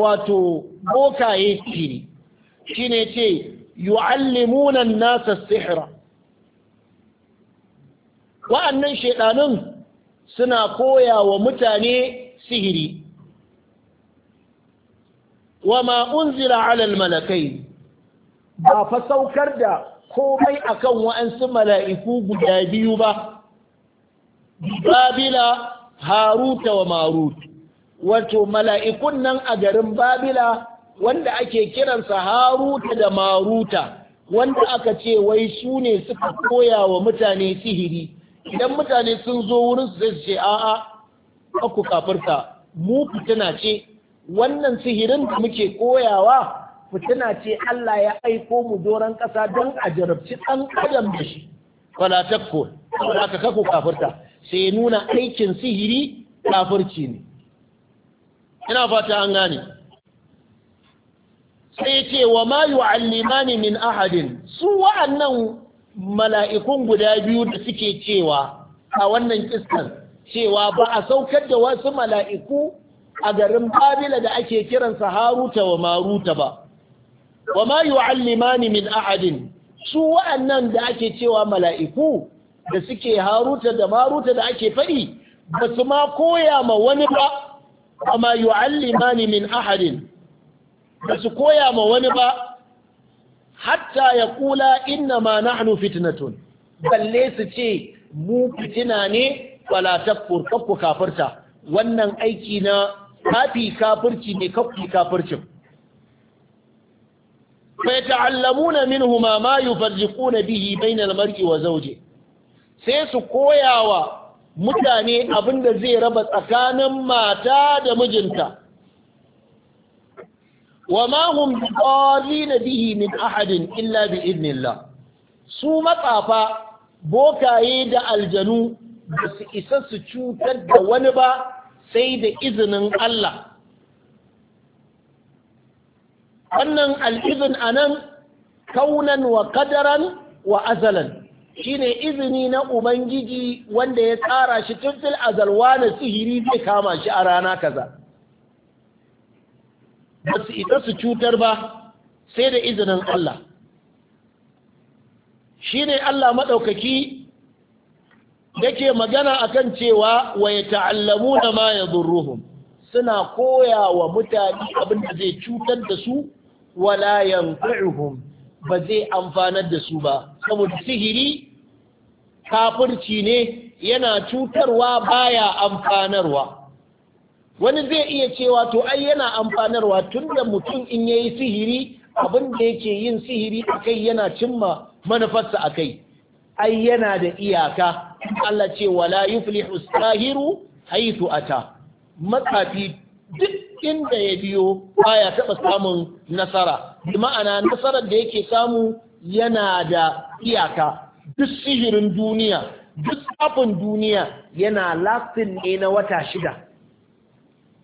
wato bokaye sihiri shine ce yu'allimuna nasa sihira wa'annan shaidanun suna koya wa mutane sihiri wa ma unzila alal malakai ba fa saukar da komai akan wa'ansu mala'iku guda biyu ba babila haruta wa marut wato mala'ikun nan a garin babila wanda ake kiransa haruta da maruta wanda aka ce wai su ne suka koya wa mutane sihiri idan mutane sun zo wurin su zai ce a'a ku kafirta mu fitina ce wannan sihirin da muke koyawa fitina ce Allah ya aiko mu doron ƙasa don a jarabci ɗan adam da shi falatakko aka kaku kafirta sai ya nuna aikin sihiri kafirci ne ina fata an gane sai ya ce wa ma yu'allimani min ahadin su wa'annan mala'ikun guda biyu da suke cewa a wannan kiskan cewa ba a saukar da wasu mala'iku a garin babila da ake kiransa haruta wa maruta ba wa ma yu'allimani min ahadin su wa'annan da ake cewa mala'iku da suke haruta da maruta da ake faɗi ba su ma koya ma wani ba amma yu'allimani min ahadin ba su koya ma wani ba hatta ya kula inna ma nahnu fitnatun balle su ce mu fitina ne wala takfur kakku kafirta wannan aiki na kafi kafirci ne kakku kafircin fa min minhuma ma yufarriquna bihi bainar mar'i wa zauje. sai su koyawa mutane abinda zai raba tsakanin mata da mijinta wa ma hum biqalina bihi min ahadin illa bi idnillah su matsafa bokaye da aljanu ba su isa su cutar da wani ba sai da izinin Allah wannan al'izin a nan kaunan wa kadaran wa azalan shine izini na ubangiji wanda ya tsara shi tun fil azalwa na sihiri zai kama shi a rana kaza ba su ita su cutar ba sai da izinin Allah shi ne Allah maɗaukaki da ke magana akan cewa wa ya ta'allamu na ma ya zurruhun suna koya wa mutane abin da zai cutar da su wala yanfa'uhum ba zai amfanar da su ba saboda sihiri kafirci ne yana cutarwa baya amfanarwa wani zai iya cewa to ai yana amfanarwa tunda mutum in ya yi sihiri abin da yake yin sihiri akai yana cimma manufarsa akai ai yana da iyaka Allah ce wala yuflihu sahiru a ata matsafi duk inda ya biyo ba ya taɓa samun nasara bi ma'ana nasarar da yake samu yana da iyaka duk sihirin duniya duk tsafin duniya yana lastin ne na wata shida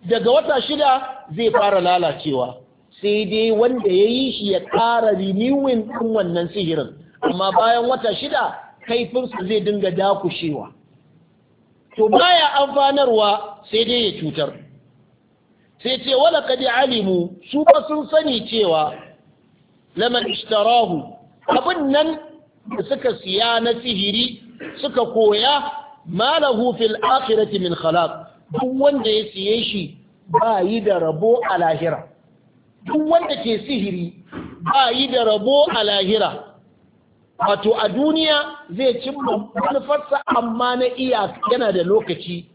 daga wata shida zai fara lalacewa sai dai wanda ya yi shi ya ƙara renewin ɗin wannan sihirin amma bayan wata shida kaifinsa zai dinga dakushewa to baya amfanarwa sai dai ya cutar sai ce wala alimu su ba sun sani cewa laman ishtarahu abin nan da suka siya na sihiri suka koya malahu fil akhirati min khalaq duk wanda ya siye shi ba yi da rabo a lahira duk wanda ke sihiri ba yi da rabo a lahira wato a duniya zai cimma manufarsa amma na iya yana da lokaci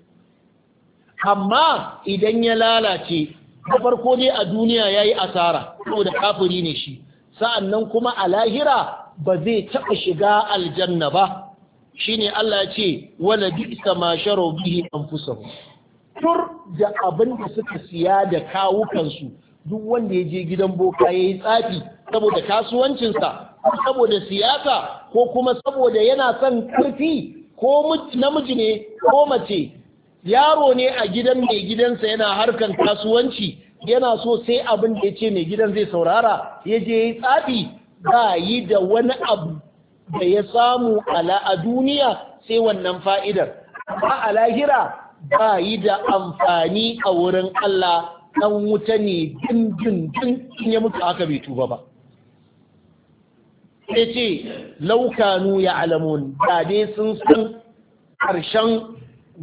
amma idan ya lalace da farko ne a duniya ya yi asara ko da kafiri ne shi sa'annan kuma a lahira ba zai taɓa shiga aljanna ba shi ne Allah ce wala bi isa ma sharo bihi anfusahum tur da abin da suka siya da kawukansu duk wanda ya je gidan boka ya yi tsafi saboda kasuwancinsa ko saboda siyasa ko kuma saboda yana son karfi ko namiji ne ko mace yaro ne a gidan mai gidansa yana harkan kasuwanci yana so sai abin da ya ce mai gidan zai saurara ya je ya yi tsafi ba yi da wani abu da ya samu ala a duniya sai wannan fa'idar ba a lahira ba yi da amfani a wurin Allah dan wuta ne din din din in ya mutu aka bai tuba ba sai ce laukanu ya alamun da dai sun san ƙarshen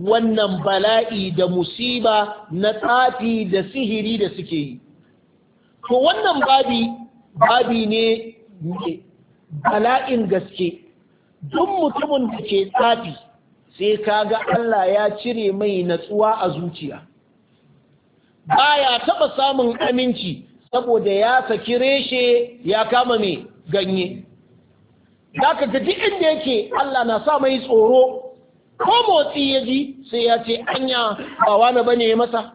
wannan bala'i da musiba na tsafi da sihiri da suke yi to wannan babi babi ne bala'in gaske duk mutumin da ke tsafi sai kaga Allah ya cire mai natsuwa a zuciya baya taɓa samun aminci saboda ya saki reshe ya kama mai ganye zaka ka duk inda yake Allah na sa mai tsoro ko motsi ya ji sai ya ce anya ba wani bane ya masa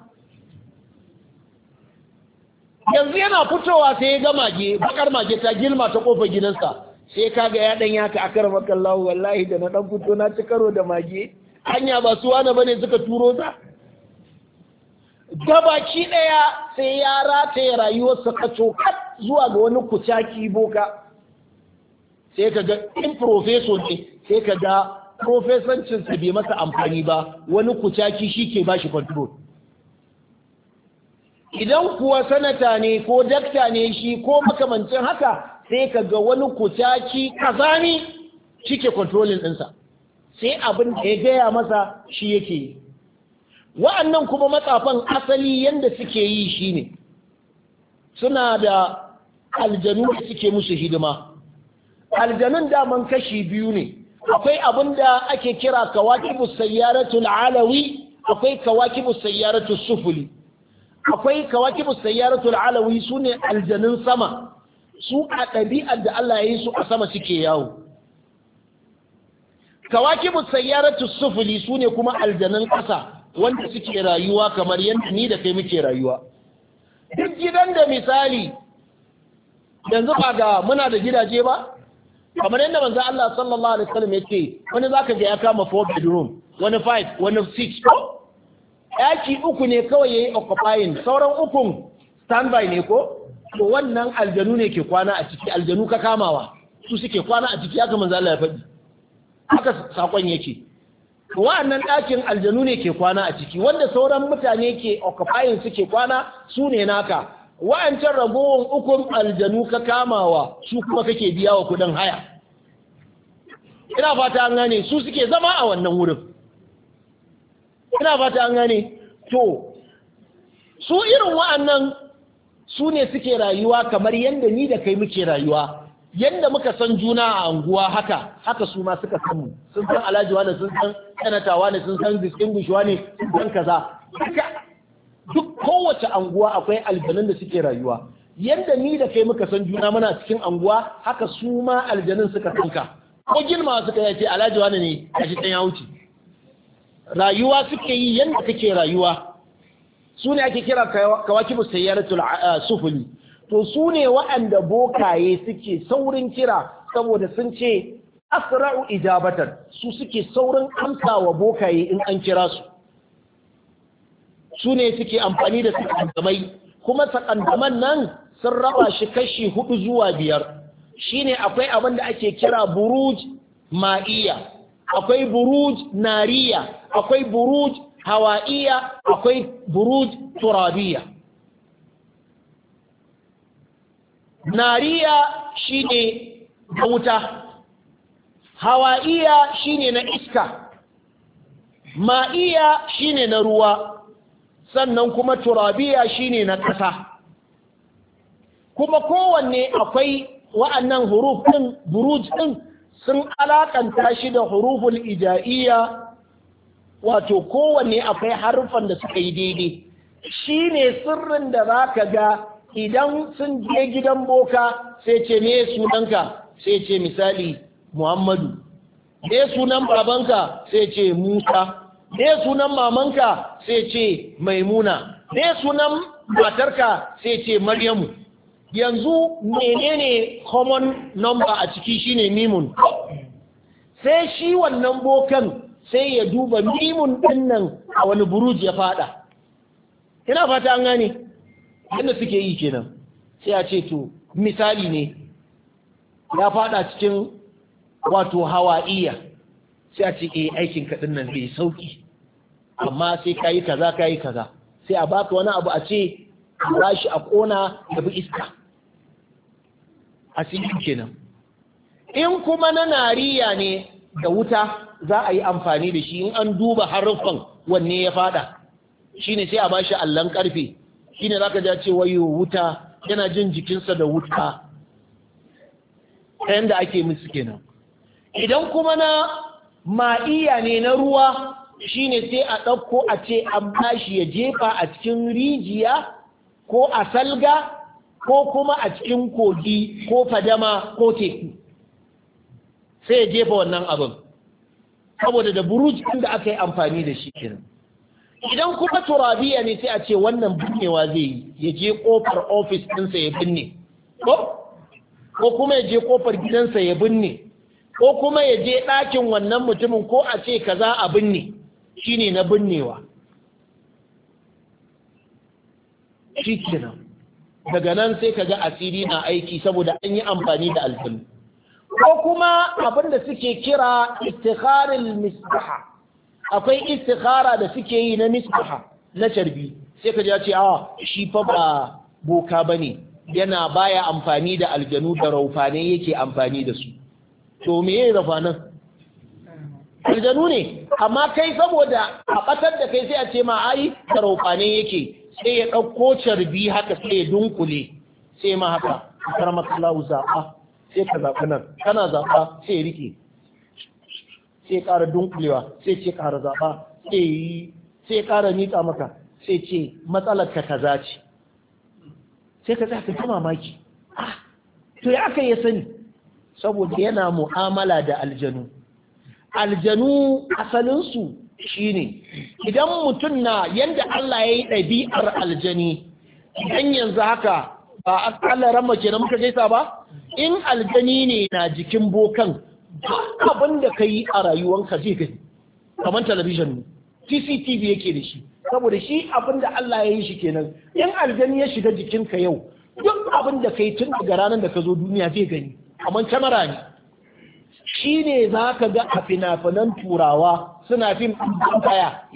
yanzu yana fitowa sai ya ga mage bakar mage ta girma ta kofa gidansa sai kaga ya dan yaka akar makallahu wallahi da na ɗan fito na ci karo da mage hanya ba su wani bane suka turo Gaba gabaki ɗaya sai ya rataye rayuwarsa kaco kat zuwa ga wani kucaki boka sai ka ga in professor ne sai ka ga profesancinsa bai masa amfani ba wani kucaki shi ke ba shi control idan kuwa sanata ne ko dakta ne shi ko makamancin haka sai ka ga wani kucaci kazani cike kontrolin ɗinsa sai abin da ya gaya masa shi yake yi wa'annan kuma matsafan asali yadda suke yi shine suna da aljanu da suke musu hidima aljanun daman kashi biyu ne akwai abin da ake kira kawakibu sayyaratul alawi akwai kawakibu sayyaratul sufuli akwai kawakibu sayyaratul alawi sune aljanun sama su a ɗabi'ar da Allah ya yi su a sama suke yawo kawakibu sayyaratu sufuli su ne kuma aljanan ƙasa wanda suke rayuwa kamar yadda ni da kai muke rayuwa duk gidan da misali yanzu ba ga muna da gidaje ba kamar yadda manzo Allah sallallahu alaihi wasallam ce, wani zaka ga ya kama 4 bedroom wani 5 wani 6 yaki uku ne kawai yayi occupying sauran ukun standby ne ko to wannan aljanu ne ke kwana a ciki aljanu ka kamawa su suke kwana a ciki haka manzo Allah ya faɗi haka sakon yake to wa'annan ɗakin aljanu ne ke kwana a ciki wanda sauran mutane ke occupying suke kwana su ne naka wa'ancan ragowar ukun aljanu ka kamawa su kuma kake biya wa kudin haya ina fata an gane su suke zama a wannan wurin ina fata an gane to su irin wa'annan su ne suke rayuwa kamar yadda ni da kai muke rayuwa yadda muka san juna a anguwa haka haka su ma suka san mu sun san alhaji wani sun san tsanatawa ne sun san distinguish ne sun san kaza duk kowace anguwa akwai aljanun da suke rayuwa yadda ni da kai muka san juna muna cikin anguwa haka su ma aljanun suka ka. ko girma suka yace alhaji wani ne a shi ya wuce rayuwa suke yi yadda kake rayuwa su ne ake kira kawakibu sayyaratul sufuli to su ne waɗanda bokaye suke saurin kira saboda sun ce asra'u Ijabatar, su suke saurin amsa wa bokaye in an kira su su ne suke amfani da sakandamai kuma sakandaman nan sun raba shi kashi hudu zuwa biyar shine akwai abin da ake kira buruj ma'iya akwai buruj nariya akwai buruj hawa'iya akwai buruj turabiya nariya shine na wuta hawa'iya shine na iska ma'iya shine na ruwa sannan kuma turabiya shine na ƙasa kuma kowanne akwai wa'annan huruf ɗin buruj ɗin sun alaƙanta shi da hurufin ija'iyya wato kowanne akwai harufan da suka yi daidai shi ne sirrin da za ka ga idan sun je gidan boka sai ce me sunanka sai ce misali muhammadu me sunan babanka sai ce musa me sunan mamanka sai ce maimuna me sunan matarka sai ce maryamu yanzu menene common number a ciki shine mimun sai shi wannan bokan sai ya duba mimun nan a wani buruji ya fada ina fata an gane yadda suke yi kenan sai a ce to misali ne ya fada cikin wato hawa'iya sai a ce eh aikin kaɗin nan bai sauki amma sai ka yi kaza ka yi kaza sai a baka wani abu a ce ba shi a ƙona da bi iska a cikin kenan in kuma na nariya ne da wuta za a yi amfani da shi in an duba haruffan wanne ya fada ne sai a bashi allon karfe ne za ja cewa wayo wuta yana jin jikinsa da wuta ta yadda ake musu kenan idan kuma na ma'iya ne na ruwa shi ne sai a ɗauko a ce an bashi ya jefa a cikin rijiya ko a salga ko kuma a cikin kogi ko fadama ko teku sai ya jefa wannan abin saboda da buruj da aka yi amfani da shi kenan idan kuma turabiya ne sai a ce wannan binnewa zai yi ya je kofar ofis ɗinsa ya binne ko kuma ya je kofar gidansa ya binne ko kuma ya je ɗakin wannan mutumin ko a ce kaza a binne shine na binnewa shi kenan daga nan sai kaga asiri na aiki saboda an yi amfani da alfanu ko kuma abin da suke kira istikharin misbaha akwai istikhara da suke yi na misbaha na carbi sai ka ji ce a ah, shi fa ba boka bane yana baya amfani da aljanu da raufane yake amfani da su to me yayi rafanan aljanu ne amma kai saboda a batar da kai sai a ce ma ai da raufane yake sai ya ɗauko carbi haka sai ya dunkule sai ma haka za'a sai ka zaɓi nan kana zaɓa sai ya rike sai ƙara dunkulewa sai ce ƙara zaɓa sai yi sai ƙara miƙa maka sai ce matsalar ka kaza ce sai ka tsaya ka ta mamaki ah to ya aka ya sani saboda yana mu'amala da aljanu aljanu asalinsu shine idan mutum na yadda Allah ya yi ɗabi'ar aljani idan yanzu haka ba Allah ran mace na muka gaisa ba in aljani ne na jikin bokan abin da ka yi a rayuwanka zai gani kamar talabijin CCTV yake da shi saboda shi abin da Allah ya yi shi kenan in aljani ya shiga jikinka yau duk abin da ka yi tun daga ranar da ka zo duniya zai gani kamar kyamara ne shi ne za ka ga a fina-finan turawa suna fim ɗin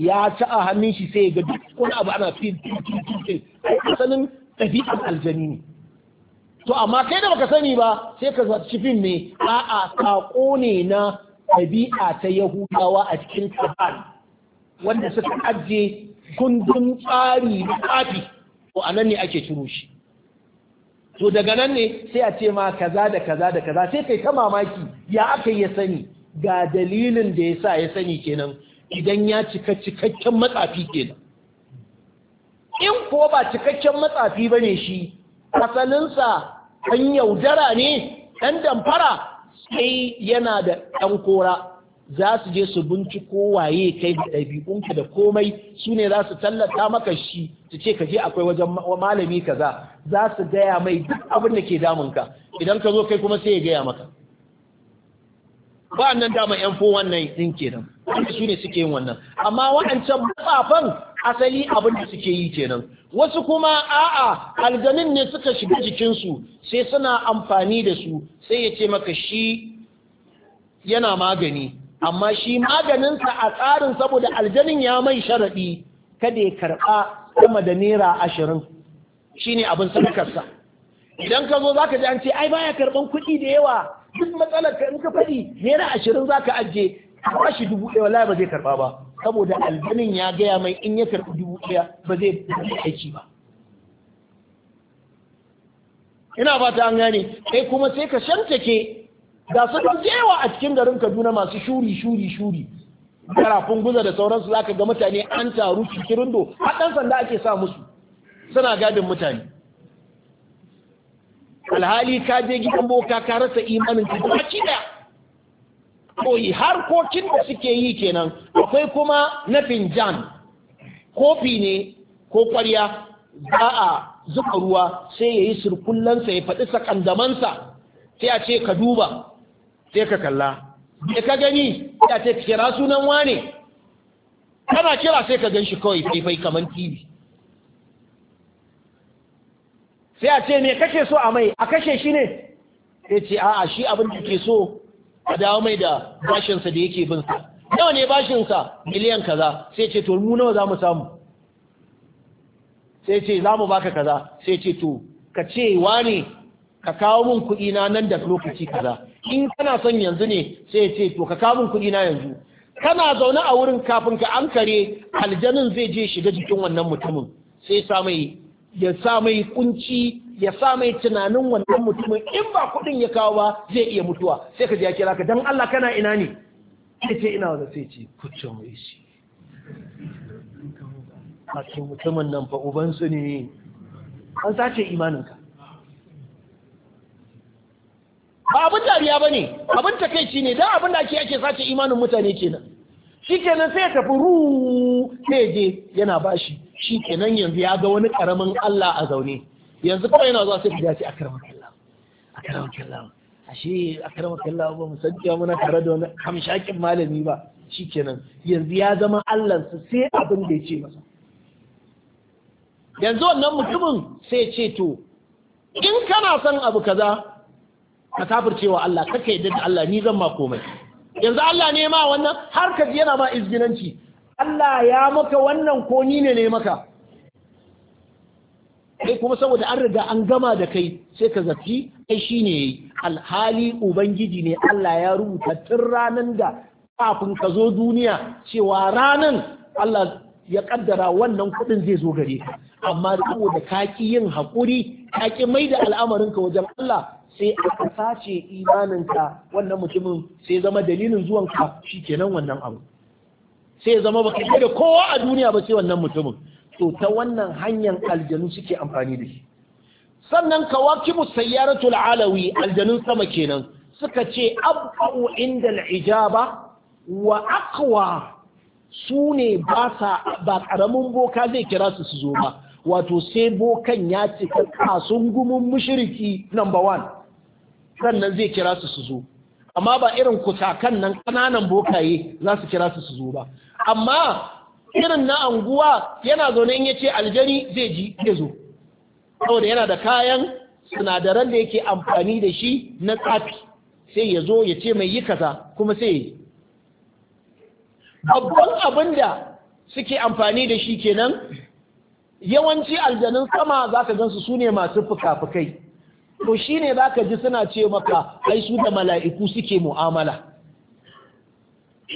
ya ci a hannun shi sai ya ga duk wani abu ana fim fim fim fim ɗabi'ar aljani ne to amma kai da baka sani ba sai ka zaci fim ne a'a saƙo ne na ɗabi'a ta yahudawa a cikin ƙasar wanda suka ajiye kundin tsari na ƙafi to a nan ne ake ciro shi to daga nan ne sai a ce ma kaza da kaza da kaza sai kai ta mamaki ya aka ya sani ga dalilin da ya sa ya sani kenan idan ya cika cikakken matsafi kenan in ko ba cikakken matsafi ba ne shi asalinsa an yaudara ne ɗan damfara sai yana da ɗan kora za su je su binciko waye kai da ɗabi'unka da komai su ne za su tallata maka shi su ce ka je akwai wajen malami kaza za su gaya mai duk abin da ke damunka idan ka zo kai kuma sai ya gaya maka ba nan dama yan fo wannan ɗin kenan wanda su ne suke yin wannan amma waɗancan matsafan asali abin da suke yi kenan wasu kuma a'a aljanin ne suka shiga jikinsu sai suna amfani da su sai ya ce maka shi yana magani amma shi maganinsa a tsarin saboda aljanin ya mai sharaɗi kada ya karɓa sama da naira ashirin shine abin sadakarsa idan ka zo za ka ji an ce ai baya karɓan kuɗi da yawa duk matsalar ka in ka faɗi naira ashirin zaka ka ajiye ka ba shi dubu ɗaya wallahi ba zai karɓa ba saboda aljanin ya gaya mai in ya karɓi dubu ɗaya ba zai aiki ba ina ba ta an gane sai kuma sai ka shantake ga su don a cikin garin kaduna masu shuri shuri shuri garafin guza da sauransu za ka ga mutane an taru cikin do har ɗan sanda ake sa musu suna gadin mutane alhali ka je gidan boka ka rasa imanin ka ba ki koyi harkokin da suke yi kenan akwai kuma na finjan kofi ne ko kwarya za a zuba ruwa sai ya yi surkullansa ya faɗi sakandamansa sai a ce ka duba sai ka kalla da ka gani sai ce kira sunan wane kana kira sai ka gan shi kawai faifai kamar tv sai a ce me kashe so a mai a kashe shi ne ya ce a'a shi abin da ke so a dawo mai da bashinsa da yake bin sa Yawa ne bashinsa miliyan kaza sai ce to mu nawa za mu samu sai ce za mu baka kaza sai ce to ka ce wa ne ka kawo min kuɗi na nan da lokaci kaza in kana son yanzu ne sai ce to ka kawo min kuɗi na yanzu kana zaune a wurin kafin ka ankare aljanin zai je shiga jikin wannan mutumin sai sa mai ya sa mai kunci ya sa mai tunanin wannan mutumin in ba kuɗin ya kawo ba zai iya mutuwa sai ka ji ya kira ka dan Allah kana ina ne sai ce ina wanda sai ce kuce mai shi a ce mutumin nan fa ubansu ne an sace imaninka ba abin dariya ba ne abin takaici ne don abin da ake ake sace imanin mutane kenan shikenan sai ya tafi ruu sai je yana bashi shikenan yanzu ya ga wani karamin Allah a zaune yanzu kawai yana zuwa sai ka dace karamin Allah karamin Allah ashe a karamin Allah ba mu san cewa muna tare da wani hamshakin malami ba shikenan yanzu ya zama Allah sai abin da ya ce masa yanzu wannan mutumin sai ce to in kana son abu kaza ka kafircewa Allah kake yadda da Allah ni zan ma komai yanzu Allah ne ma wannan har ka ji yana ma izginanci Allah ya maka wannan ko ni ne ne maka kai kuma saboda an riga an gama da kai sai ka zaci ai shi ne alhali ubangiji ne Allah ya rubuta tun ranan da kafin ka zo duniya cewa ranan Allah ya kaddara wannan kudin zai zo gare ka amma saboda ka ki yin haƙuri, ka ki mai da al'amarinka wajen Allah sai aka sace imaninka wannan mutumin sai zama dalilin zuwanka shi kenan wannan abu sai zama ba kai da kowa a duniya ba sai wannan mutumin to ta wannan hanyar aljanu suke amfani da shi sannan kawakibu sayyaratul alawi aljanun sama kenan suka ce abu inda al'ijaba wa akwa su ne ba karamin boka zai kira su su zo ba wato sai bokan ya cika kasungumin gumin mushiriki number one sannan zai kira su su zo amma ba irin kutakan nan ƙananan bokaye za su kira su su zo ba amma irin na anguwa yana zaune in yace aljani zai ji zo saboda yana da kayan sinadaran da yake amfani da shi na tsafi sai ya zo ya ce mai yi kaza kuma sai yi babban abin da suke amfani da shi kenan yawanci aljanun sama za ka gansu su ne masu fuka-fukai to shine zaka ji suna ce maka ai su da mala'iku suke mu'amala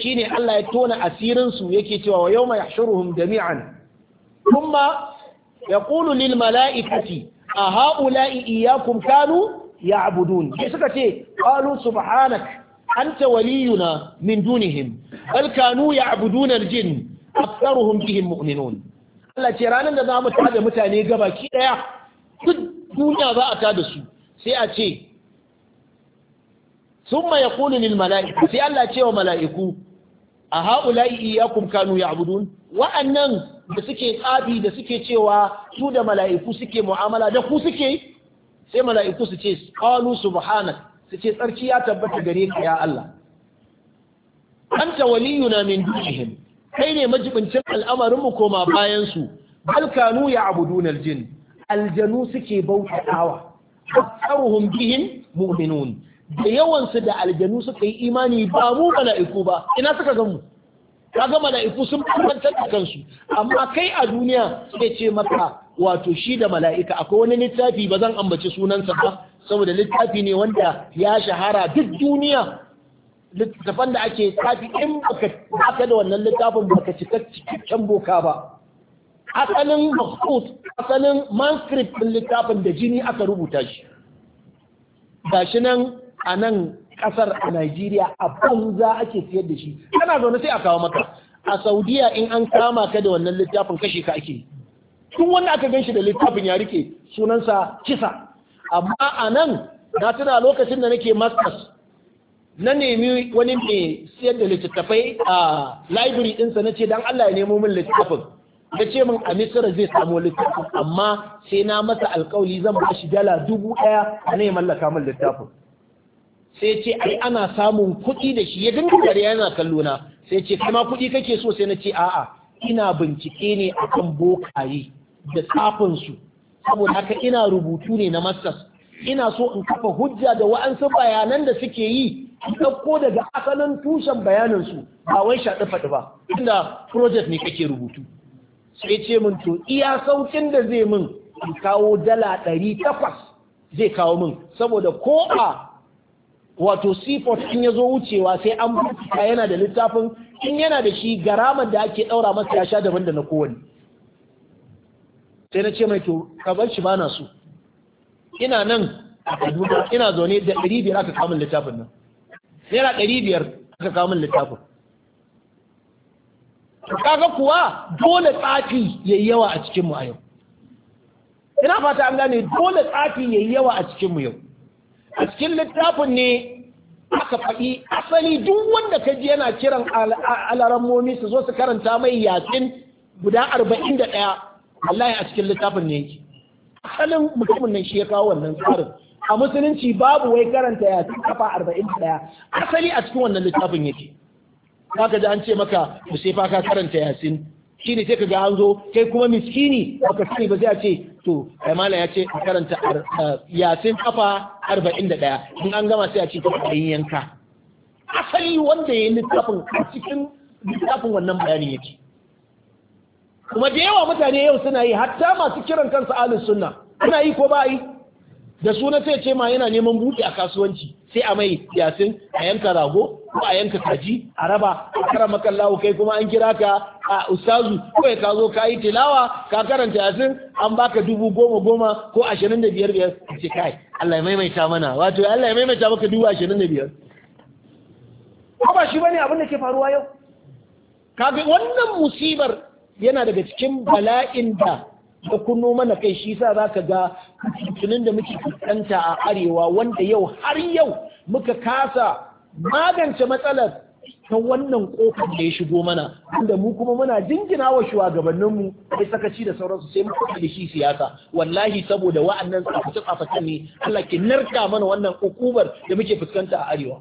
shine Allah ya tona asirin su yake cewa wa yawma yahshuruhum jami'an kuma yaqulu lil mala'ikati a ha'ula'i iyakum kanu ya'budun sai suka ce qalu subhanak anta waliyuna min dunihim bal kanu ya'buduna al-jinn aktharuhum bihim mu'minun Allah ce ranar da za mu tada mutane gabaki daya duk duniya za a tada su sai a ce summa kuli lil mala'iku sai Allah ce wa mala'iku a haula'i iyakum kanu ya'budun wa'annan da suke tsafi da suke cewa su da mala'iku suke mu'amala da ku suke sai mala'iku su ce qalu Buhana, su ce tsarki ya tabbata gare ka ya Allah anta waliyuna min dunihim kai ne majibincin al'amarin mu koma bayan su bal kanu dunar aljin aljanu suke bautawa aksaruhum bihim mu'minun da yawansu da aljanu suka yi imani ba mu mala'iku ba ina suka gan mu kaga mala'iku sun bambanta da kansu amma kai a duniya sai ce maka wato shi da mala'ika akwai wani littafi ba zan ambaci sunansa ba saboda littafi ne wanda ya shahara duk duniya littafan da ake tafi in baka da wannan littafin baka cika cikakken boka ba asalin mafut asalin manuscript ɗin littafin da jini aka rubuta shi gashi nan a nan ƙasar a Najeriya a banza ake siyar da shi kana zaune sai a kawo maka a Saudiya in an kama ka da wannan littafin kashe ka ake tun wanda aka gan shi da littafin ya rike sunansa kisa amma a nan na tuna lokacin da nake masters na nemi wani mai siyar da littattafai a library ɗinsa na ce don Allah ya nemo min littafin ya ce min a misira zai samu littafin amma sai na masa alkawali zan ba shi dala dubu ɗaya a ne mallaka min littafin sai ce ai ana samun kuɗi da shi ya dinga gari yana kallo na sai ce kama kuɗi kake so sai na ce a'a ina bincike ne akan bokaye da tsafin su saboda haka ina rubutu ne na masters ina so in kafa hujja da wa'ansu bayanan da suke yi ɗauko daga asalin tushen bayanansu. ba wai shaɗi faɗi ba inda project ne kake rubutu sai ce min to iya saukin da zai min in kawo dala ɗari takwas zai kawo min saboda ko a wato seaport in ya zo wucewa sai an bukuta yana da littafin in yana da shi garamar da ake ɗaura masa ya sha daban da na kowane sai na ce mai to ka bar shi bana so ina nan a kaduna ina zaune da ɗari biyar aka kawo min littafin nan naira ɗari biyar aka kawo min littafin kaga kuwa dole tsafi ya yi yawa a cikin mu a yau ina fata an gane dole tsafi ya yi yawa a cikin mu yau a cikin littafin ne aka faɗi asali duk wanda ka ji yana kiran alarammomi su zo su karanta mai yakin guda arba'in da ɗaya wallahi a cikin littafin ne yake asalin mutumin nan shi ya kawo wannan tsarin a musulunci babu wai karanta yakin kafa arba'in da ɗaya asali a cikin wannan littafin yake za ka ji an ce maka Musaifa ka karanta yasin shine sai ka ga an kai kuma miskini baka sani ba zai ce to kai ya ce a karanta yasin kafa 41 in an gama sai a ce ka yanka asali wanda ya yi littafin a cikin littafin wannan bayanin yake kuma da yawa mutane yau suna yi hatta masu kiran kansu alin sunna yi ko ba yi da suna sai ce ma yana neman buɗe a kasuwanci sai a mai yasin a yanka rago ko a yanka kaji a raba a kara makallawo kai kuma an kira ka a ustazu ya ka zo ka yi tilawa ka karanta yasin an baka dubu goma goma ko ashirin da biyar biyar ce kai Allah ya maimaita mana wato Allah ya maimaita maka dubu ashirin da biyar ko ba shi bane abin da ke faruwa yau kaga wannan musibar yana daga cikin bala'in da da kunno mana kai shi sa za ka ga tuntunin da muke fuskanta a arewa wanda yau har yau muka kasa magance matsalar ta wannan kofar da ya shigo mana inda mu kuma muna jingina wa shugabanninmu da sakaci da sauransu sai muka da shi siyasa wallahi saboda wa'annan tsafaci tsafaci ne Allah ke narka mana wannan hukumar da muke fuskanta a arewa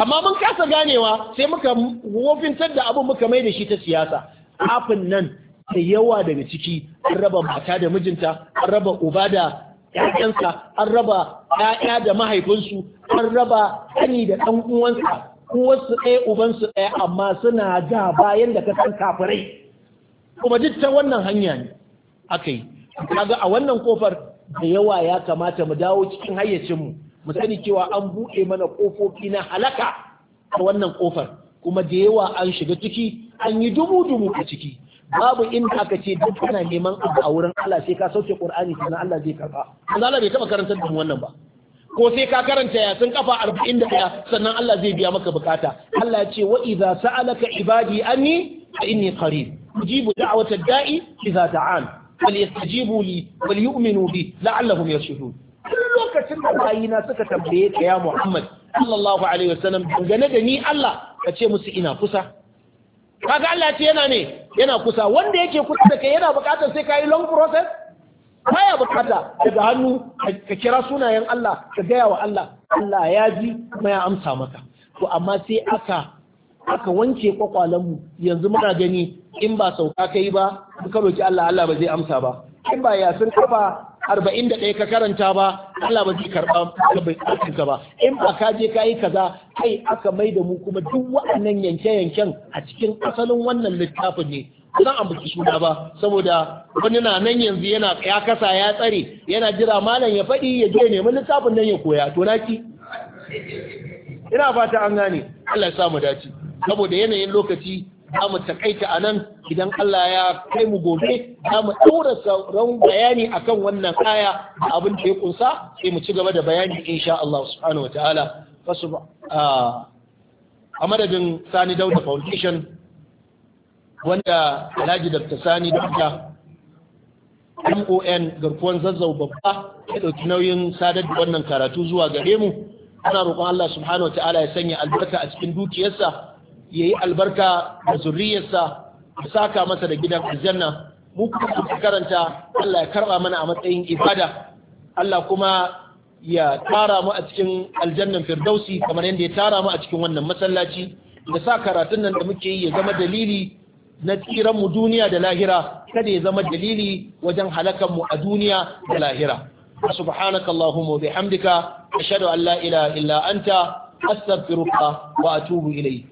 amma mun kasa ganewa sai muka wofintar da abin muka mai da shi ta siyasa kafin nan da yawa daga ciki an raba mata da mijinta an raba uba da ƴaƴansa an raba ‘ya'ya da mahaifinsu an raba ƙani da ɗan uwansa uwarsu ɗaya ubansu ɗaya amma suna da bayan da ka san kafirai kuma duk ta wannan hanya ne aka yi kaga a wannan kofar da yawa ya kamata mu dawo cikin hayyacinmu mu sani cewa an buɗe mana ƙofofi na halaka a wannan kofar kuma da yawa an shiga ciki an yi dubu dubu a ciki babu inda aka ce duk kana neman abu a wurin Allah sai ka sauke Qur'ani sannan Allah zai karba manzo Allah bai taba karantar da mu wannan ba ko sai ka karanta yasin kafa 41 sannan Allah zai biya maka bukata Allah ya ce wa idza sa'alaka ibadi anni fa inni qarib ujibu da'wata da'i idza da'an falyastajibu li walyu'minu bi la'allahum yashhadun lokacin da bayina suka tambaye ka ya Muhammad sallallahu alaihi wasallam dangane da ni Allah ka ce musu ina kusa kaga Allah ce yana ne yana kusa wanda yake kusa da kai yana bukatar sai kai long process baya bukata daga hannu ka kira sunayen Allah ka gaya wa Allah Allah ya ji kuma ya amsa maka to amma sai aka aka wanke mu yanzu muna gani in ba sauka kai ba in ka roki Allah Allah ba zai amsa ba in ba ya sun kafa arba'in da ɗaya ka karanta ba Allah ba zai karɓa ka ba in ba ka je ka yi kaza kai aka mai da mu kuma duk waɗannan yanke-yanken a cikin asalin wannan littafin ne zan ambaci suna ba saboda wani na nan yanzu yana ya kasa ya tsare yana jira malam ya faɗi ya je nemi littafin nan ya koya to naki ina fata an gane Allah ya sa mu dace saboda yanayin lokaci za mu takaita a nan idan Allah ya kai mu gobe za mu ɗaura sauran bayani akan wannan aya da abin da ya kunsa sai mu ci gaba da bayani insha Allah subhanahu wataala a madadin Sani Dauda Foundation wanda Alhaji Dr. Sani Dauda MON garkuwan zazzau babba ya ɗauki nauyin sadar da wannan karatu zuwa gare mu ana roƙon Allah subhanahu wataala ya sanya albarka a cikin dukiyarsa ya yi albarka da zurriyarsa a saka masa da gidan aljanna mu kuma karanta Allah ya karba mana a matsayin ibada Allah kuma ya tara mu a cikin aljannan firdausi kamar yadda ya tara mu a cikin wannan masallaci da sa karatun nan da muke yi ya zama dalili na tsiran mu duniya da lahira kada ya zama dalili wajen halakan mu a duniya da lahira subhanaka allahumma bihamdika ashhadu an la ilaha illa anta astaghfiruka wa atubu